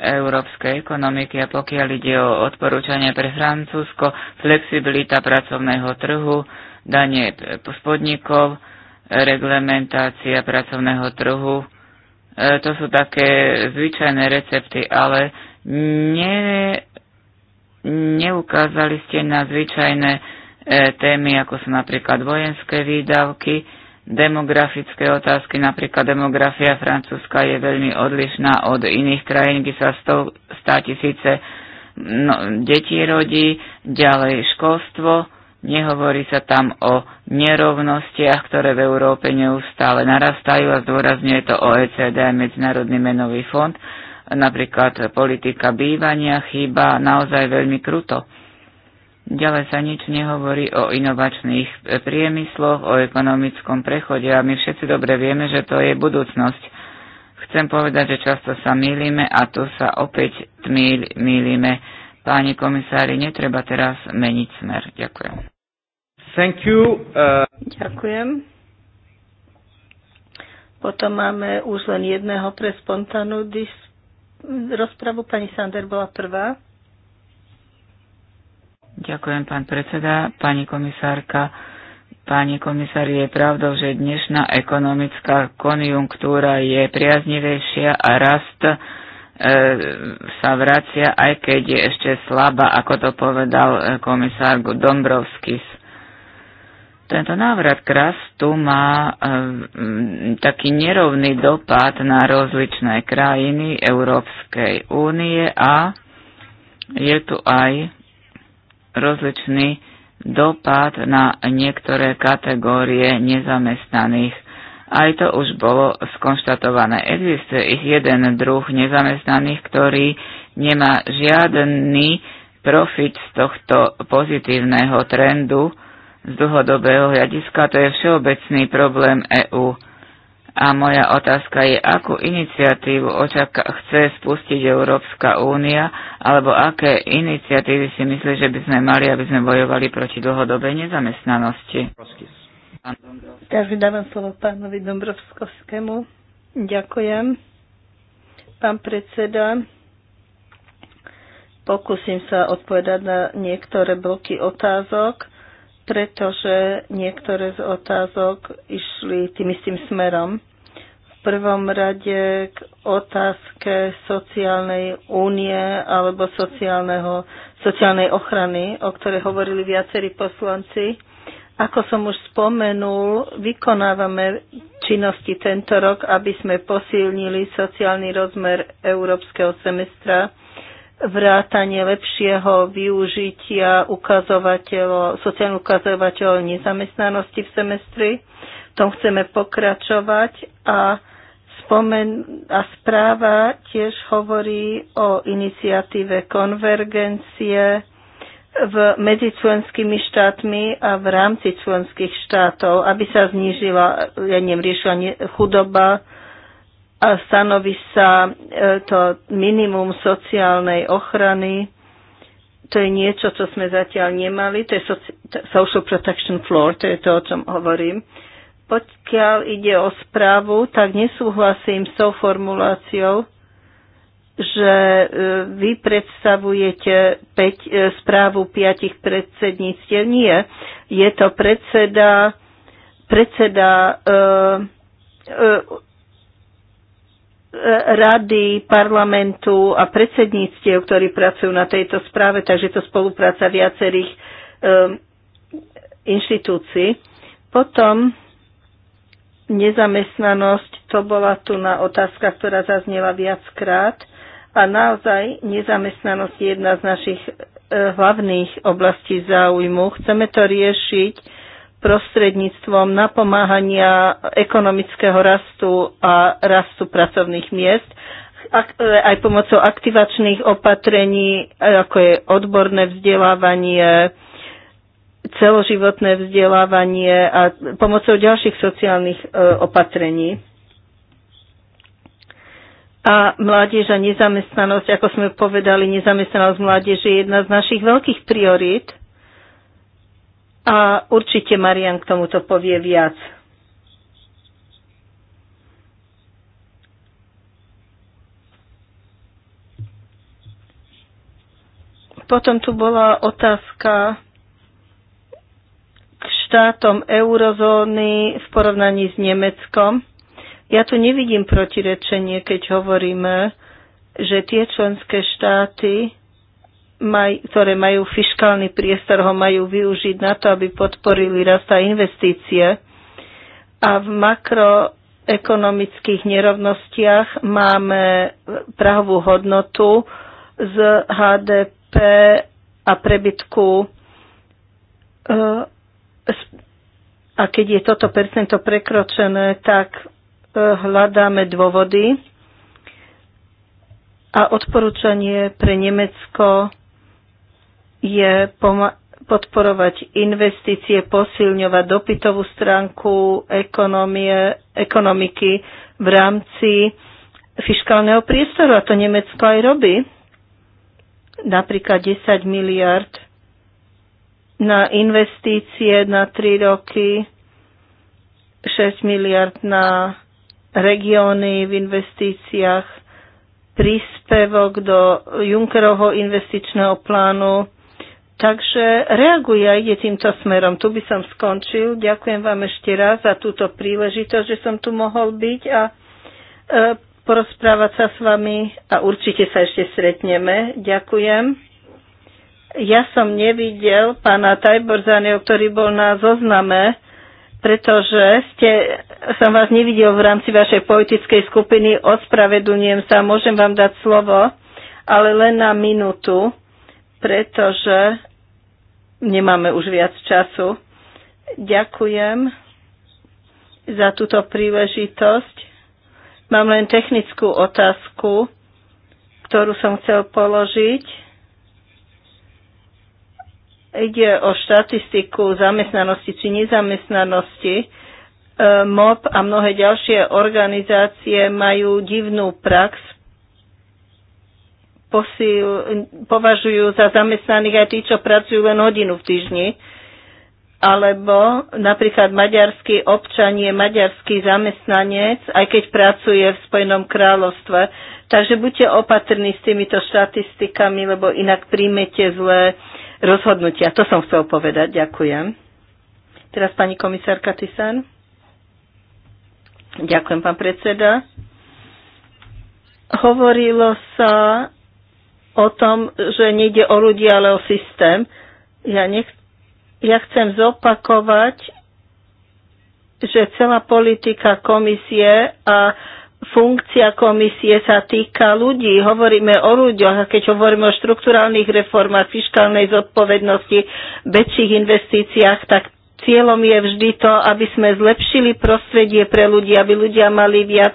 európskej ekonomiky a pokiaľ ide o odporúčania pre Francúzsko, flexibilita pracovného trhu, danie spodnikov, reglementácia pracovného trhu, E, to sú také zvyčajné recepty, ale ne, neukázali ste na zvyčajné e, témy, ako sú napríklad vojenské výdavky, demografické otázky, napríklad demografia Francúzska je veľmi odlišná od iných krajín, kde sa 100, 100 tisíce no, detí rodí, ďalej školstvo, Nehovorí sa tam o nerovnostiach, ktoré v Európe neustále narastajú a zdôrazňuje to OECD a Medzinárodný menový fond. Napríklad politika bývania chýba naozaj veľmi kruto. Ďalej sa nič nehovorí o inovačných priemysloch, o ekonomickom prechode a my všetci dobre vieme, že to je budúcnosť. Chcem povedať, že často sa mýlime a tu sa opäť mýlime. Páni komisári, netreba teraz meniť smer. Ďakujem. Thank you. Uh... Ďakujem. Potom máme už len jedného pre spontánnu dis- rozpravu. Pani Sander bola prvá. Ďakujem, pán predseda, pani komisárka. Pani komisár, je pravdou, že dnešná ekonomická konjunktúra je priaznivejšia a rast e, sa vracia, aj keď je ešte slabá, ako to povedal e, komisár Dombrovskis. Tento návrat k rastu má um, taký nerovný dopad na rozličné krajiny Európskej únie a je tu aj rozličný dopad na niektoré kategórie nezamestnaných. Aj to už bolo skonštatované. Existuje ich jeden druh nezamestnaných, ktorý nemá žiadny profit z tohto pozitívneho trendu, z dlhodobého hľadiska, to je všeobecný problém EÚ. A moja otázka je, akú iniciatívu očaká, chce spustiť Európska únia, alebo aké iniciatívy si myslí, že by sme mali, aby sme bojovali proti dlhodobej nezamestnanosti. Takže dávam slovo pánovi Dombrovskovskému. Ďakujem. Pán predseda, pokúsim sa odpovedať na niektoré bloky otázok pretože niektoré z otázok išli tým istým smerom. V prvom rade k otázke sociálnej únie alebo sociálneho, sociálnej ochrany, o ktorej hovorili viacerí poslanci. Ako som už spomenul, vykonávame činnosti tento rok, aby sme posilnili sociálny rozmer európskeho semestra vrátanie lepšieho využitia ukazovateľov, sociálnych ukazovateľov nezamestnanosti v semestri. V tom chceme pokračovať a, spomen, a správa tiež hovorí o iniciatíve konvergencie v, medzi členskými štátmi a v rámci členských štátov, aby sa znížila, ja neviem, riešila chudoba, a stanoví sa e, to minimum sociálnej ochrany. To je niečo, čo sme zatiaľ nemali. To je Social Protection Floor, to je to, o čom hovorím. Pokiaľ ide o správu, tak nesúhlasím s tou formuláciou, že e, vy predstavujete peť, e, správu piatich predsedníctiev. Nie, je to predseda, predseda uh, uh, rady, parlamentu a predsedníctiev, ktorí pracujú na tejto správe, takže to spolupráca viacerých um, inštitúcií. Potom nezamestnanosť, to bola tu na otázka, ktorá zaznela viackrát. A naozaj nezamestnanosť je jedna z našich eh, hlavných oblastí záujmu. Chceme to riešiť prostredníctvom napomáhania ekonomického rastu a rastu pracovných miest, e, aj pomocou aktivačných opatrení, ako je odborné vzdelávanie, celoživotné vzdelávanie a pomocou ďalších sociálnych e, opatrení. A mládež a nezamestnanosť, ako sme povedali, nezamestnanosť mládeže je jedna z našich veľkých priorít a určite Marian k tomuto povie viac. Potom tu bola otázka k štátom eurozóny v porovnaní s Nemeckom. Ja tu nevidím protirečenie, keď hovoríme, že tie členské štáty, maj, ktoré majú fiskálny priestor, ho majú využiť na to, aby podporili rast a investície. A v makroekonomických nerovnostiach máme prahovú hodnotu z HDP a prebytku. E, a keď je toto percento prekročené, tak e, hľadáme dôvody a odporúčanie pre Nemecko je podporovať investície, posilňovať dopytovú stránku ekonomie, ekonomiky v rámci fiskálneho priestoru. A to Nemecko aj robí. Napríklad 10 miliard na investície na 3 roky, 6 miliard na regióny v investíciách, príspevok do Junckerovho investičného plánu Takže reaguje a ide týmto smerom. Tu by som skončil. Ďakujem vám ešte raz za túto príležitosť, že som tu mohol byť a e, porozprávať sa s vami a určite sa ešte stretneme. Ďakujem. Ja som nevidel pána Tajborzaneho, ktorý bol na zozname, pretože ste, som vás nevidel v rámci vašej politickej skupiny. Ospravedlňujem sa, môžem vám dať slovo, ale len na minútu pretože nemáme už viac času. Ďakujem za túto príležitosť. Mám len technickú otázku, ktorú som chcel položiť. Ide o štatistiku zamestnanosti či nezamestnanosti. E, MOB a mnohé ďalšie organizácie majú divnú prax posil, považujú za zamestnaných aj tí, čo pracujú len hodinu v týždni. Alebo napríklad maďarský občan je maďarský zamestnanec, aj keď pracuje v Spojenom kráľovstve. Takže buďte opatrní s týmito štatistikami, lebo inak príjmete zlé rozhodnutia. To som chcel povedať. Ďakujem. Teraz pani komisárka Tisan. Ďakujem, pán predseda. Hovorilo sa o tom, že nejde o ľudí, ale o systém. Ja, nech, ja chcem zopakovať, že celá politika komisie a funkcia komisie sa týka ľudí. Hovoríme o ľuďoch a keď hovoríme o štruktúrálnych reformách, fiskálnej zodpovednosti, väčších investíciách, tak cieľom je vždy to, aby sme zlepšili prostredie pre ľudí, aby ľudia mali viac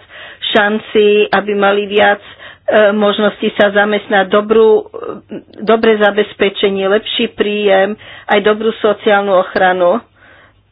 šanci, aby mali viac E, možnosti sa zamestnať, dobrú, dobré zabezpečenie, lepší príjem, aj dobrú sociálnu ochranu.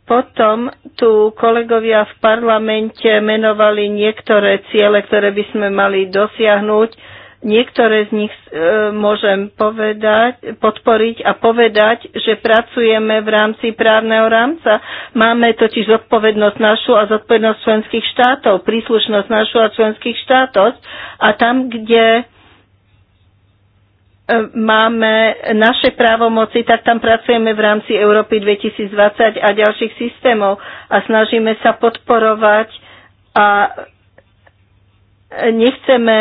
Potom tu kolegovia v parlamente menovali niektoré ciele, ktoré by sme mali dosiahnuť Niektoré z nich e, môžem povedať, podporiť a povedať, že pracujeme v rámci právneho rámca. Máme totiž zodpovednosť našu a zodpovednosť členských štátov, príslušnosť našu a členských štátov. A tam, kde e, máme naše právomoci, tak tam pracujeme v rámci Európy 2020 a ďalších systémov a snažíme sa podporovať a nechceme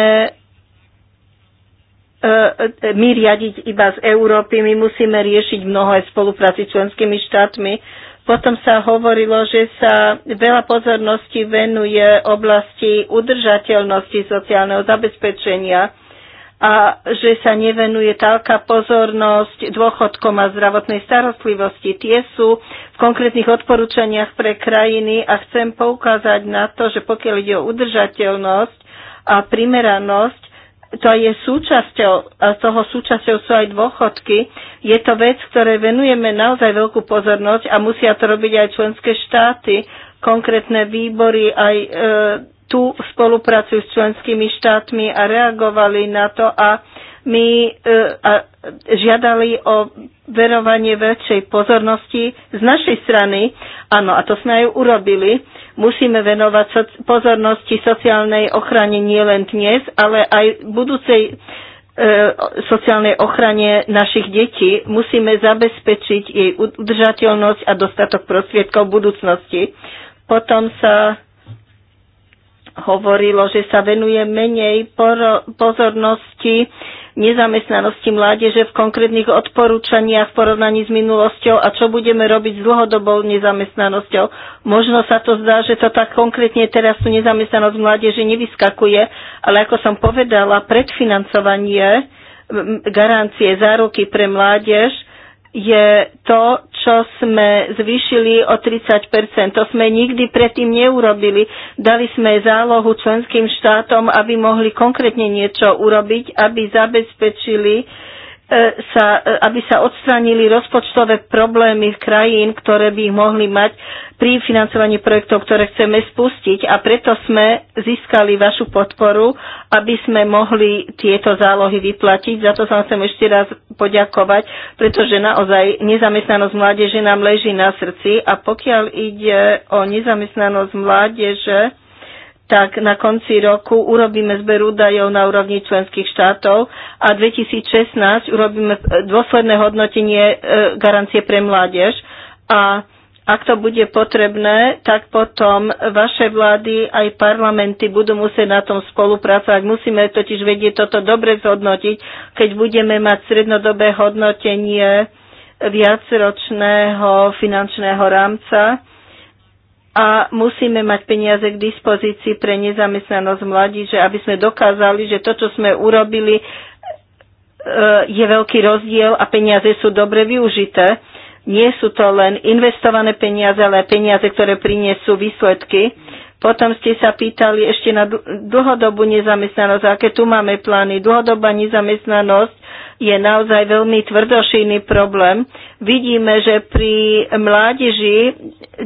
E, e, my riadiť iba z Európy, my musíme riešiť mnoho aj spolupráci s členskými štátmi. Potom sa hovorilo, že sa veľa pozornosti venuje oblasti udržateľnosti sociálneho zabezpečenia a že sa nevenuje taká pozornosť dôchodkom a zdravotnej starostlivosti. Tie sú v konkrétnych odporúčaniach pre krajiny a chcem poukázať na to, že pokiaľ ide o udržateľnosť a primeranosť, to je súčasťou, a toho súčasťou sú aj dôchodky. Je to vec, ktoré venujeme naozaj veľkú pozornosť a musia to robiť aj členské štáty, konkrétne výbory aj e, tu spolupracujú s členskými štátmi a reagovali na to a my e, a žiadali o verovanie väčšej pozornosti z našej strany. Áno, a to sme aj urobili. Musíme venovať so- pozornosti sociálnej ochrane nielen dnes, ale aj budúcej e, sociálnej ochrane našich detí musíme zabezpečiť jej udržateľnosť a dostatok prostriedkov v budúcnosti. Potom sa hovorilo, že sa venuje menej pozornosti nezamestnanosti mládeže v konkrétnych odporúčaniach v porovnaní s minulosťou a čo budeme robiť s dlhodobou nezamestnanosťou. Možno sa to zdá, že to tak konkrétne teraz tu nezamestnanosť mládeže nevyskakuje, ale ako som povedala, predfinancovanie garancie záruky pre mládež je to, čo sme zvýšili o 30 To sme nikdy predtým neurobili. Dali sme zálohu členským štátom, aby mohli konkrétne niečo urobiť, aby zabezpečili E, sa, e, aby sa odstránili rozpočtové problémy krajín, ktoré by ich mohli mať pri financovaní projektov, ktoré chceme spustiť. A preto sme získali vašu podporu, aby sme mohli tieto zálohy vyplatiť. Za to sa chcem ešte raz poďakovať, pretože naozaj nezamestnanosť mládeže nám leží na srdci. A pokiaľ ide o nezamestnanosť mládeže, tak na konci roku urobíme zber údajov na úrovni členských štátov a 2016 urobíme dôsledné hodnotenie e, garancie pre mládež. A ak to bude potrebné, tak potom vaše vlády aj parlamenty budú musieť na tom spolupracovať. Musíme totiž vedieť toto dobre zhodnotiť, keď budeme mať strednodobé hodnotenie viacročného finančného rámca a musíme mať peniaze k dispozícii pre nezamestnanosť mladíže, aby sme dokázali, že to, čo sme urobili, e, je veľký rozdiel a peniaze sú dobre využité. Nie sú to len investované peniaze, ale peniaze, ktoré priniesú výsledky. Potom ste sa pýtali ešte na dlhodobú nezamestnanosť, aké tu máme plány. Dlhodobá nezamestnanosť je naozaj veľmi tvrdošinný problém. Vidíme, že pri mládeži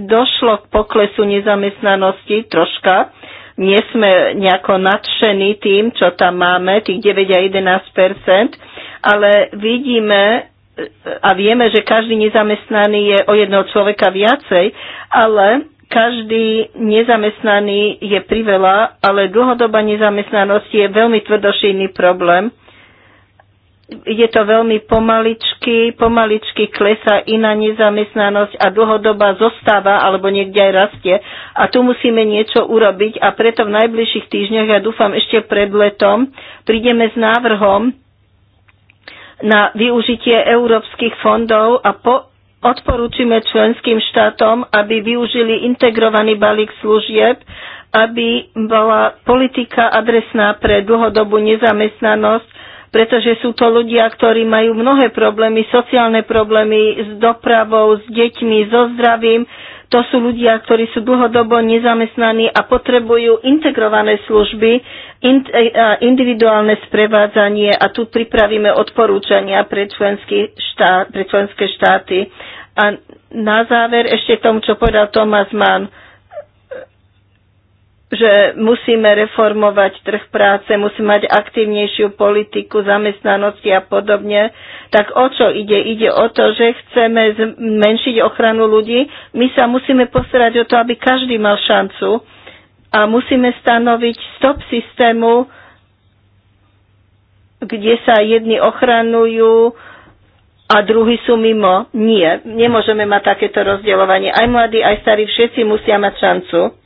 došlo k poklesu nezamestnanosti troška. Nie sme nejako nadšení tým, čo tam máme, tých 9 a 11 ale vidíme, a vieme, že každý nezamestnaný je o jedného človeka viacej, ale každý nezamestnaný je priveľa, ale dlhodobá nezamestnanosť je veľmi tvrdošinný problém je to veľmi pomaličky, pomaličky klesá iná nezamestnanosť a dlhodobá zostáva alebo niekde aj rastie. A tu musíme niečo urobiť a preto v najbližších týždňoch, ja dúfam ešte pred letom, prídeme s návrhom na využitie európskych fondov a po, odporúčime členským štátom, aby využili integrovaný balík služieb, aby bola politika adresná pre dlhodobú nezamestnanosť pretože sú to ľudia, ktorí majú mnohé problémy, sociálne problémy s dopravou, s deťmi, so zdravím. To sú ľudia, ktorí sú dlhodobo nezamestnaní a potrebujú integrované služby, e, individuálne sprevádzanie a tu pripravíme odporúčania pre, štát, pre členské štáty. A na záver ešte tomu, čo povedal Thomas Mann že musíme reformovať trh práce, musíme mať aktívnejšiu politiku zamestnanosti a podobne, tak o čo ide? Ide o to, že chceme zmenšiť ochranu ľudí. My sa musíme postarať o to, aby každý mal šancu a musíme stanoviť stop systému, kde sa jedni ochranujú a druhí sú mimo. Nie, nemôžeme mať takéto rozdeľovanie. Aj mladí, aj starí, všetci musia mať šancu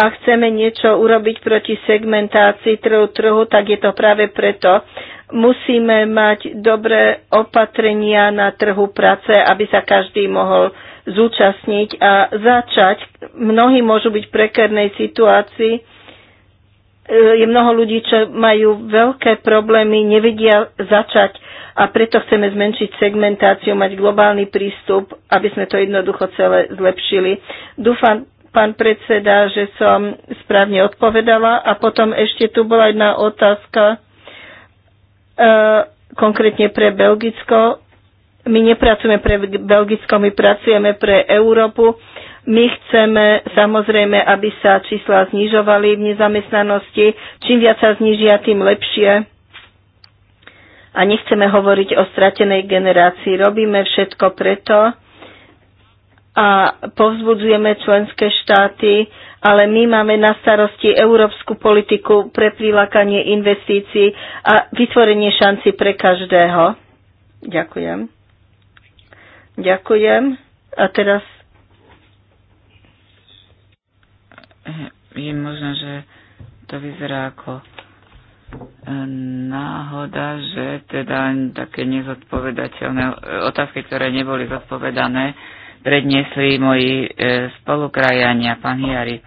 a chceme niečo urobiť proti segmentácii trhu, trhu, tak je to práve preto. Musíme mať dobré opatrenia na trhu práce, aby sa každý mohol zúčastniť a začať. Mnohí môžu byť v prekernej situácii. Je mnoho ľudí, čo majú veľké problémy, nevedia začať a preto chceme zmenšiť segmentáciu, mať globálny prístup, aby sme to jednoducho celé zlepšili. Dúfam, pán predseda, že som správne odpovedala. A potom ešte tu bola jedna otázka, e, konkrétne pre Belgicko. My nepracujeme pre Belgicko, my pracujeme pre Európu. My chceme samozrejme, aby sa čísla znižovali v nezamestnanosti. Čím viac sa znižia, tým lepšie. A nechceme hovoriť o stratenej generácii. Robíme všetko preto, a povzbudzujeme členské štáty, ale my máme na starosti európsku politiku pre prilákanie investícií a vytvorenie šanci pre každého. Ďakujem. Ďakujem. A teraz. Je možno, že to vyzerá ako e, náhoda, že teda také nezodpovedateľné otázky, ktoré neboli zodpovedané, predniesli moji e, spolukrajania, pán Jarik.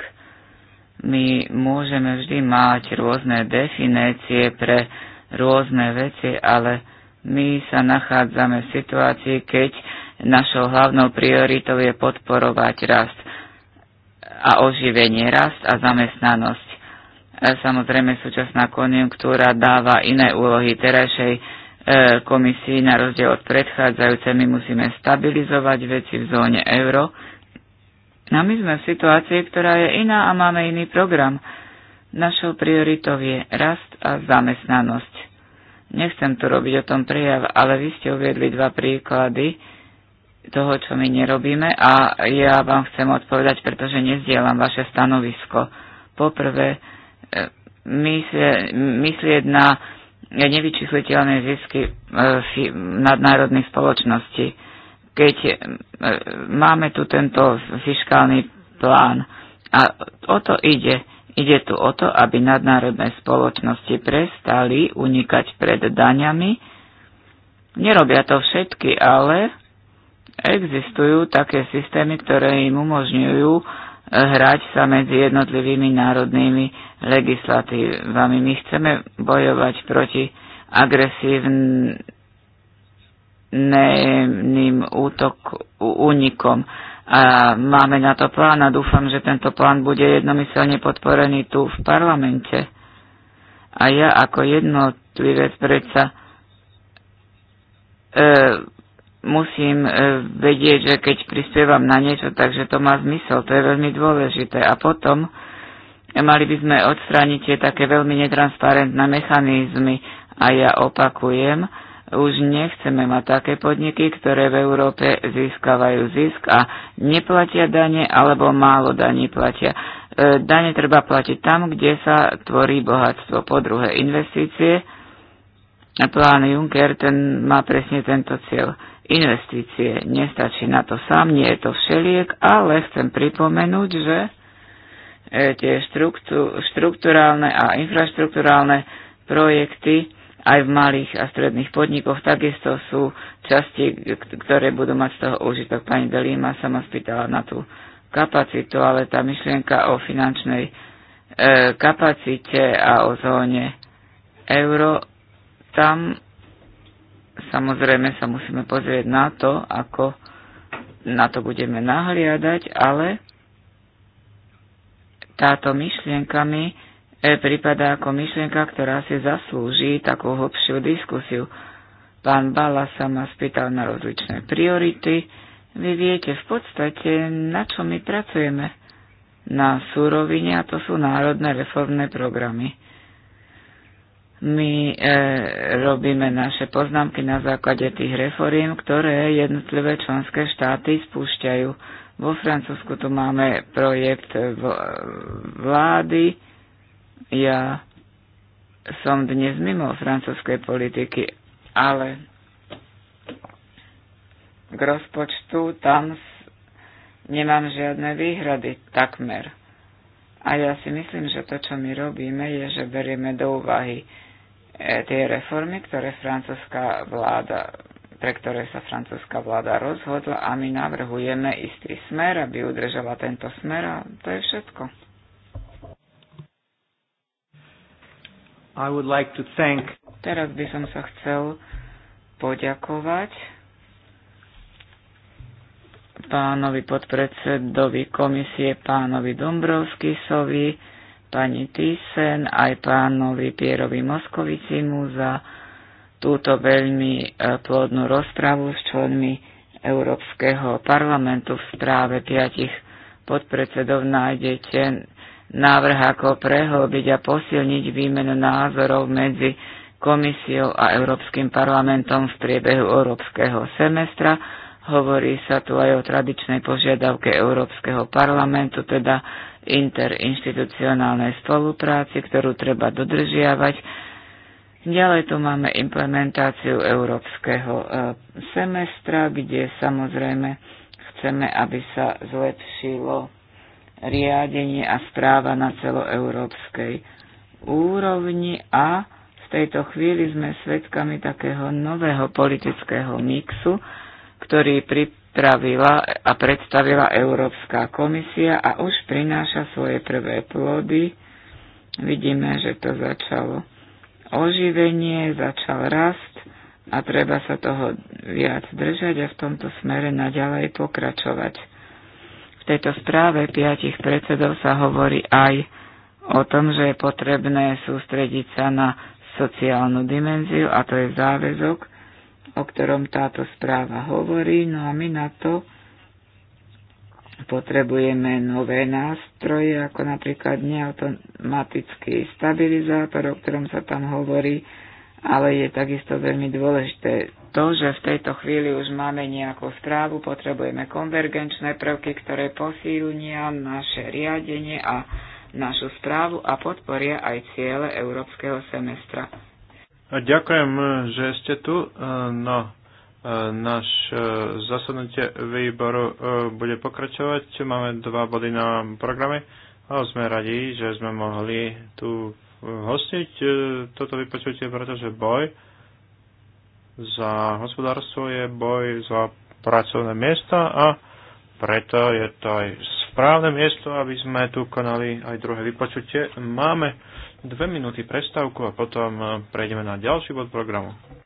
My môžeme vždy mať rôzne definície pre rôzne veci, ale my sa nachádzame v situácii, keď našou hlavnou prioritou je podporovať rast a oživenie, rast a zamestnanosť. E, samozrejme, súčasná konjunktúra dáva iné úlohy terajšej E, komisii na rozdiel od predchádzajúce. My musíme stabilizovať veci v zóne euro. A my sme v situácii, ktorá je iná a máme iný program. Našou prioritou je rast a zamestnanosť. Nechcem tu robiť o tom prejav, ale vy ste uviedli dva príklady toho, čo my nerobíme a ja vám chcem odpovedať, pretože nezdielam vaše stanovisko. Poprvé, e, myslieť na nevyčísliteľné zisky e, nadnárodných spoločností. Keď e, máme tu tento fiskálny plán a o to ide. Ide tu o to, aby nadnárodné spoločnosti prestali unikať pred daňami. Nerobia to všetky, ale existujú také systémy, ktoré im umožňujú hrať sa medzi jednotlivými národnými legislatívami. My chceme bojovať proti agresívnym útok, únikom. A máme na to plán a dúfam, že tento plán bude jednomyselne podporený tu v parlamente. A ja ako jednotlivec predsa e, musím e, vedieť, že keď prispievam na niečo, takže to má zmysel, to je veľmi dôležité. A potom e, mali by sme odstrániť tie také veľmi netransparentné mechanizmy. A ja opakujem, už nechceme mať také podniky, ktoré v Európe získavajú zisk a neplatia dane alebo málo daní platia. E, dane treba platiť tam, kde sa tvorí bohatstvo. Po druhé, investície. Plán Juncker ten má presne tento cieľ investície. Nestačí na to sám, nie je to všeliek, ale chcem pripomenúť, že e, tie štruktúrálne a infraštruktúrálne projekty aj v malých a stredných podnikoch takisto sú časti, ktoré budú mať z toho užitok. Pani Belíma sa ma spýtala na tú kapacitu, ale tá myšlienka o finančnej e, kapacite a o zóne euro, tam Samozrejme sa musíme pozrieť na to, ako na to budeme nahliadať, ale táto myšlienka mi e, pripadá ako myšlienka, ktorá si zaslúži takú hlbšiu diskusiu. Pán Bala sa ma spýtal na rozličné priority. Vy viete v podstate, na čo my pracujeme. Na súrovine a to sú národné reformné programy my e, robíme naše poznámky na základe tých reforiem, ktoré jednotlivé členské štáty spúšťajú. Vo Francúzsku tu máme projekt vlády. Ja som dnes mimo francúzskej politiky, ale k rozpočtu tam nemám žiadne výhrady, takmer. A ja si myslím, že to, čo my robíme, je, že berieme do úvahy E, tie reformy, ktoré francúzska vláda, pre ktoré sa francúzska vláda rozhodla a my navrhujeme istý smer, aby udržala tento smer a to je všetko. I would like to thank... Teraz by som sa chcel poďakovať pánovi podpredsedovi komisie, pánovi Dombrovskisovi, pani Thyssen, aj pánovi Pierovi Moskovicimu za túto veľmi e, plodnú rozpravu s členmi Európskeho parlamentu v správe piatich podpredsedov nájdete návrh, ako prehlbiť a posilniť výmenu názorov medzi komisiou a Európskym parlamentom v priebehu európskeho semestra. Hovorí sa tu aj o tradičnej požiadavke Európskeho parlamentu, teda interinstitucionálnej spolupráci, ktorú treba dodržiavať. Ďalej tu máme implementáciu európskeho e, semestra, kde samozrejme chceme, aby sa zlepšilo riadenie a správa na celoeurópskej úrovni a v tejto chvíli sme svedkami takého nového politického mixu, ktorý pri pripravila a predstavila Európska komisia a už prináša svoje prvé plody. Vidíme, že to začalo oživenie, začal rast a treba sa toho viac držať a v tomto smere naďalej pokračovať. V tejto správe piatich predsedov sa hovorí aj o tom, že je potrebné sústrediť sa na sociálnu dimenziu a to je záväzok, o ktorom táto správa hovorí, no a my na to potrebujeme nové nástroje, ako napríklad neautomatický stabilizátor, o ktorom sa tam hovorí, ale je takisto veľmi dôležité to, že v tejto chvíli už máme nejakú správu, potrebujeme konvergenčné prvky, ktoré posilnia naše riadenie a našu správu a podporia aj ciele európskeho semestra. Ďakujem, že ste tu. E, no, e, náš e, zasadnutie výboru bude pokračovať. Máme dva body na programe a sme radi, že sme mohli tu hostiť toto vypočutie, pretože boj za hospodárstvo je boj za pracovné miesta a preto je to aj správne miesto, aby sme tu konali aj druhé vypočutie. Máme dve minúty prestávku a potom eh, prejdeme na ďalší bod programu.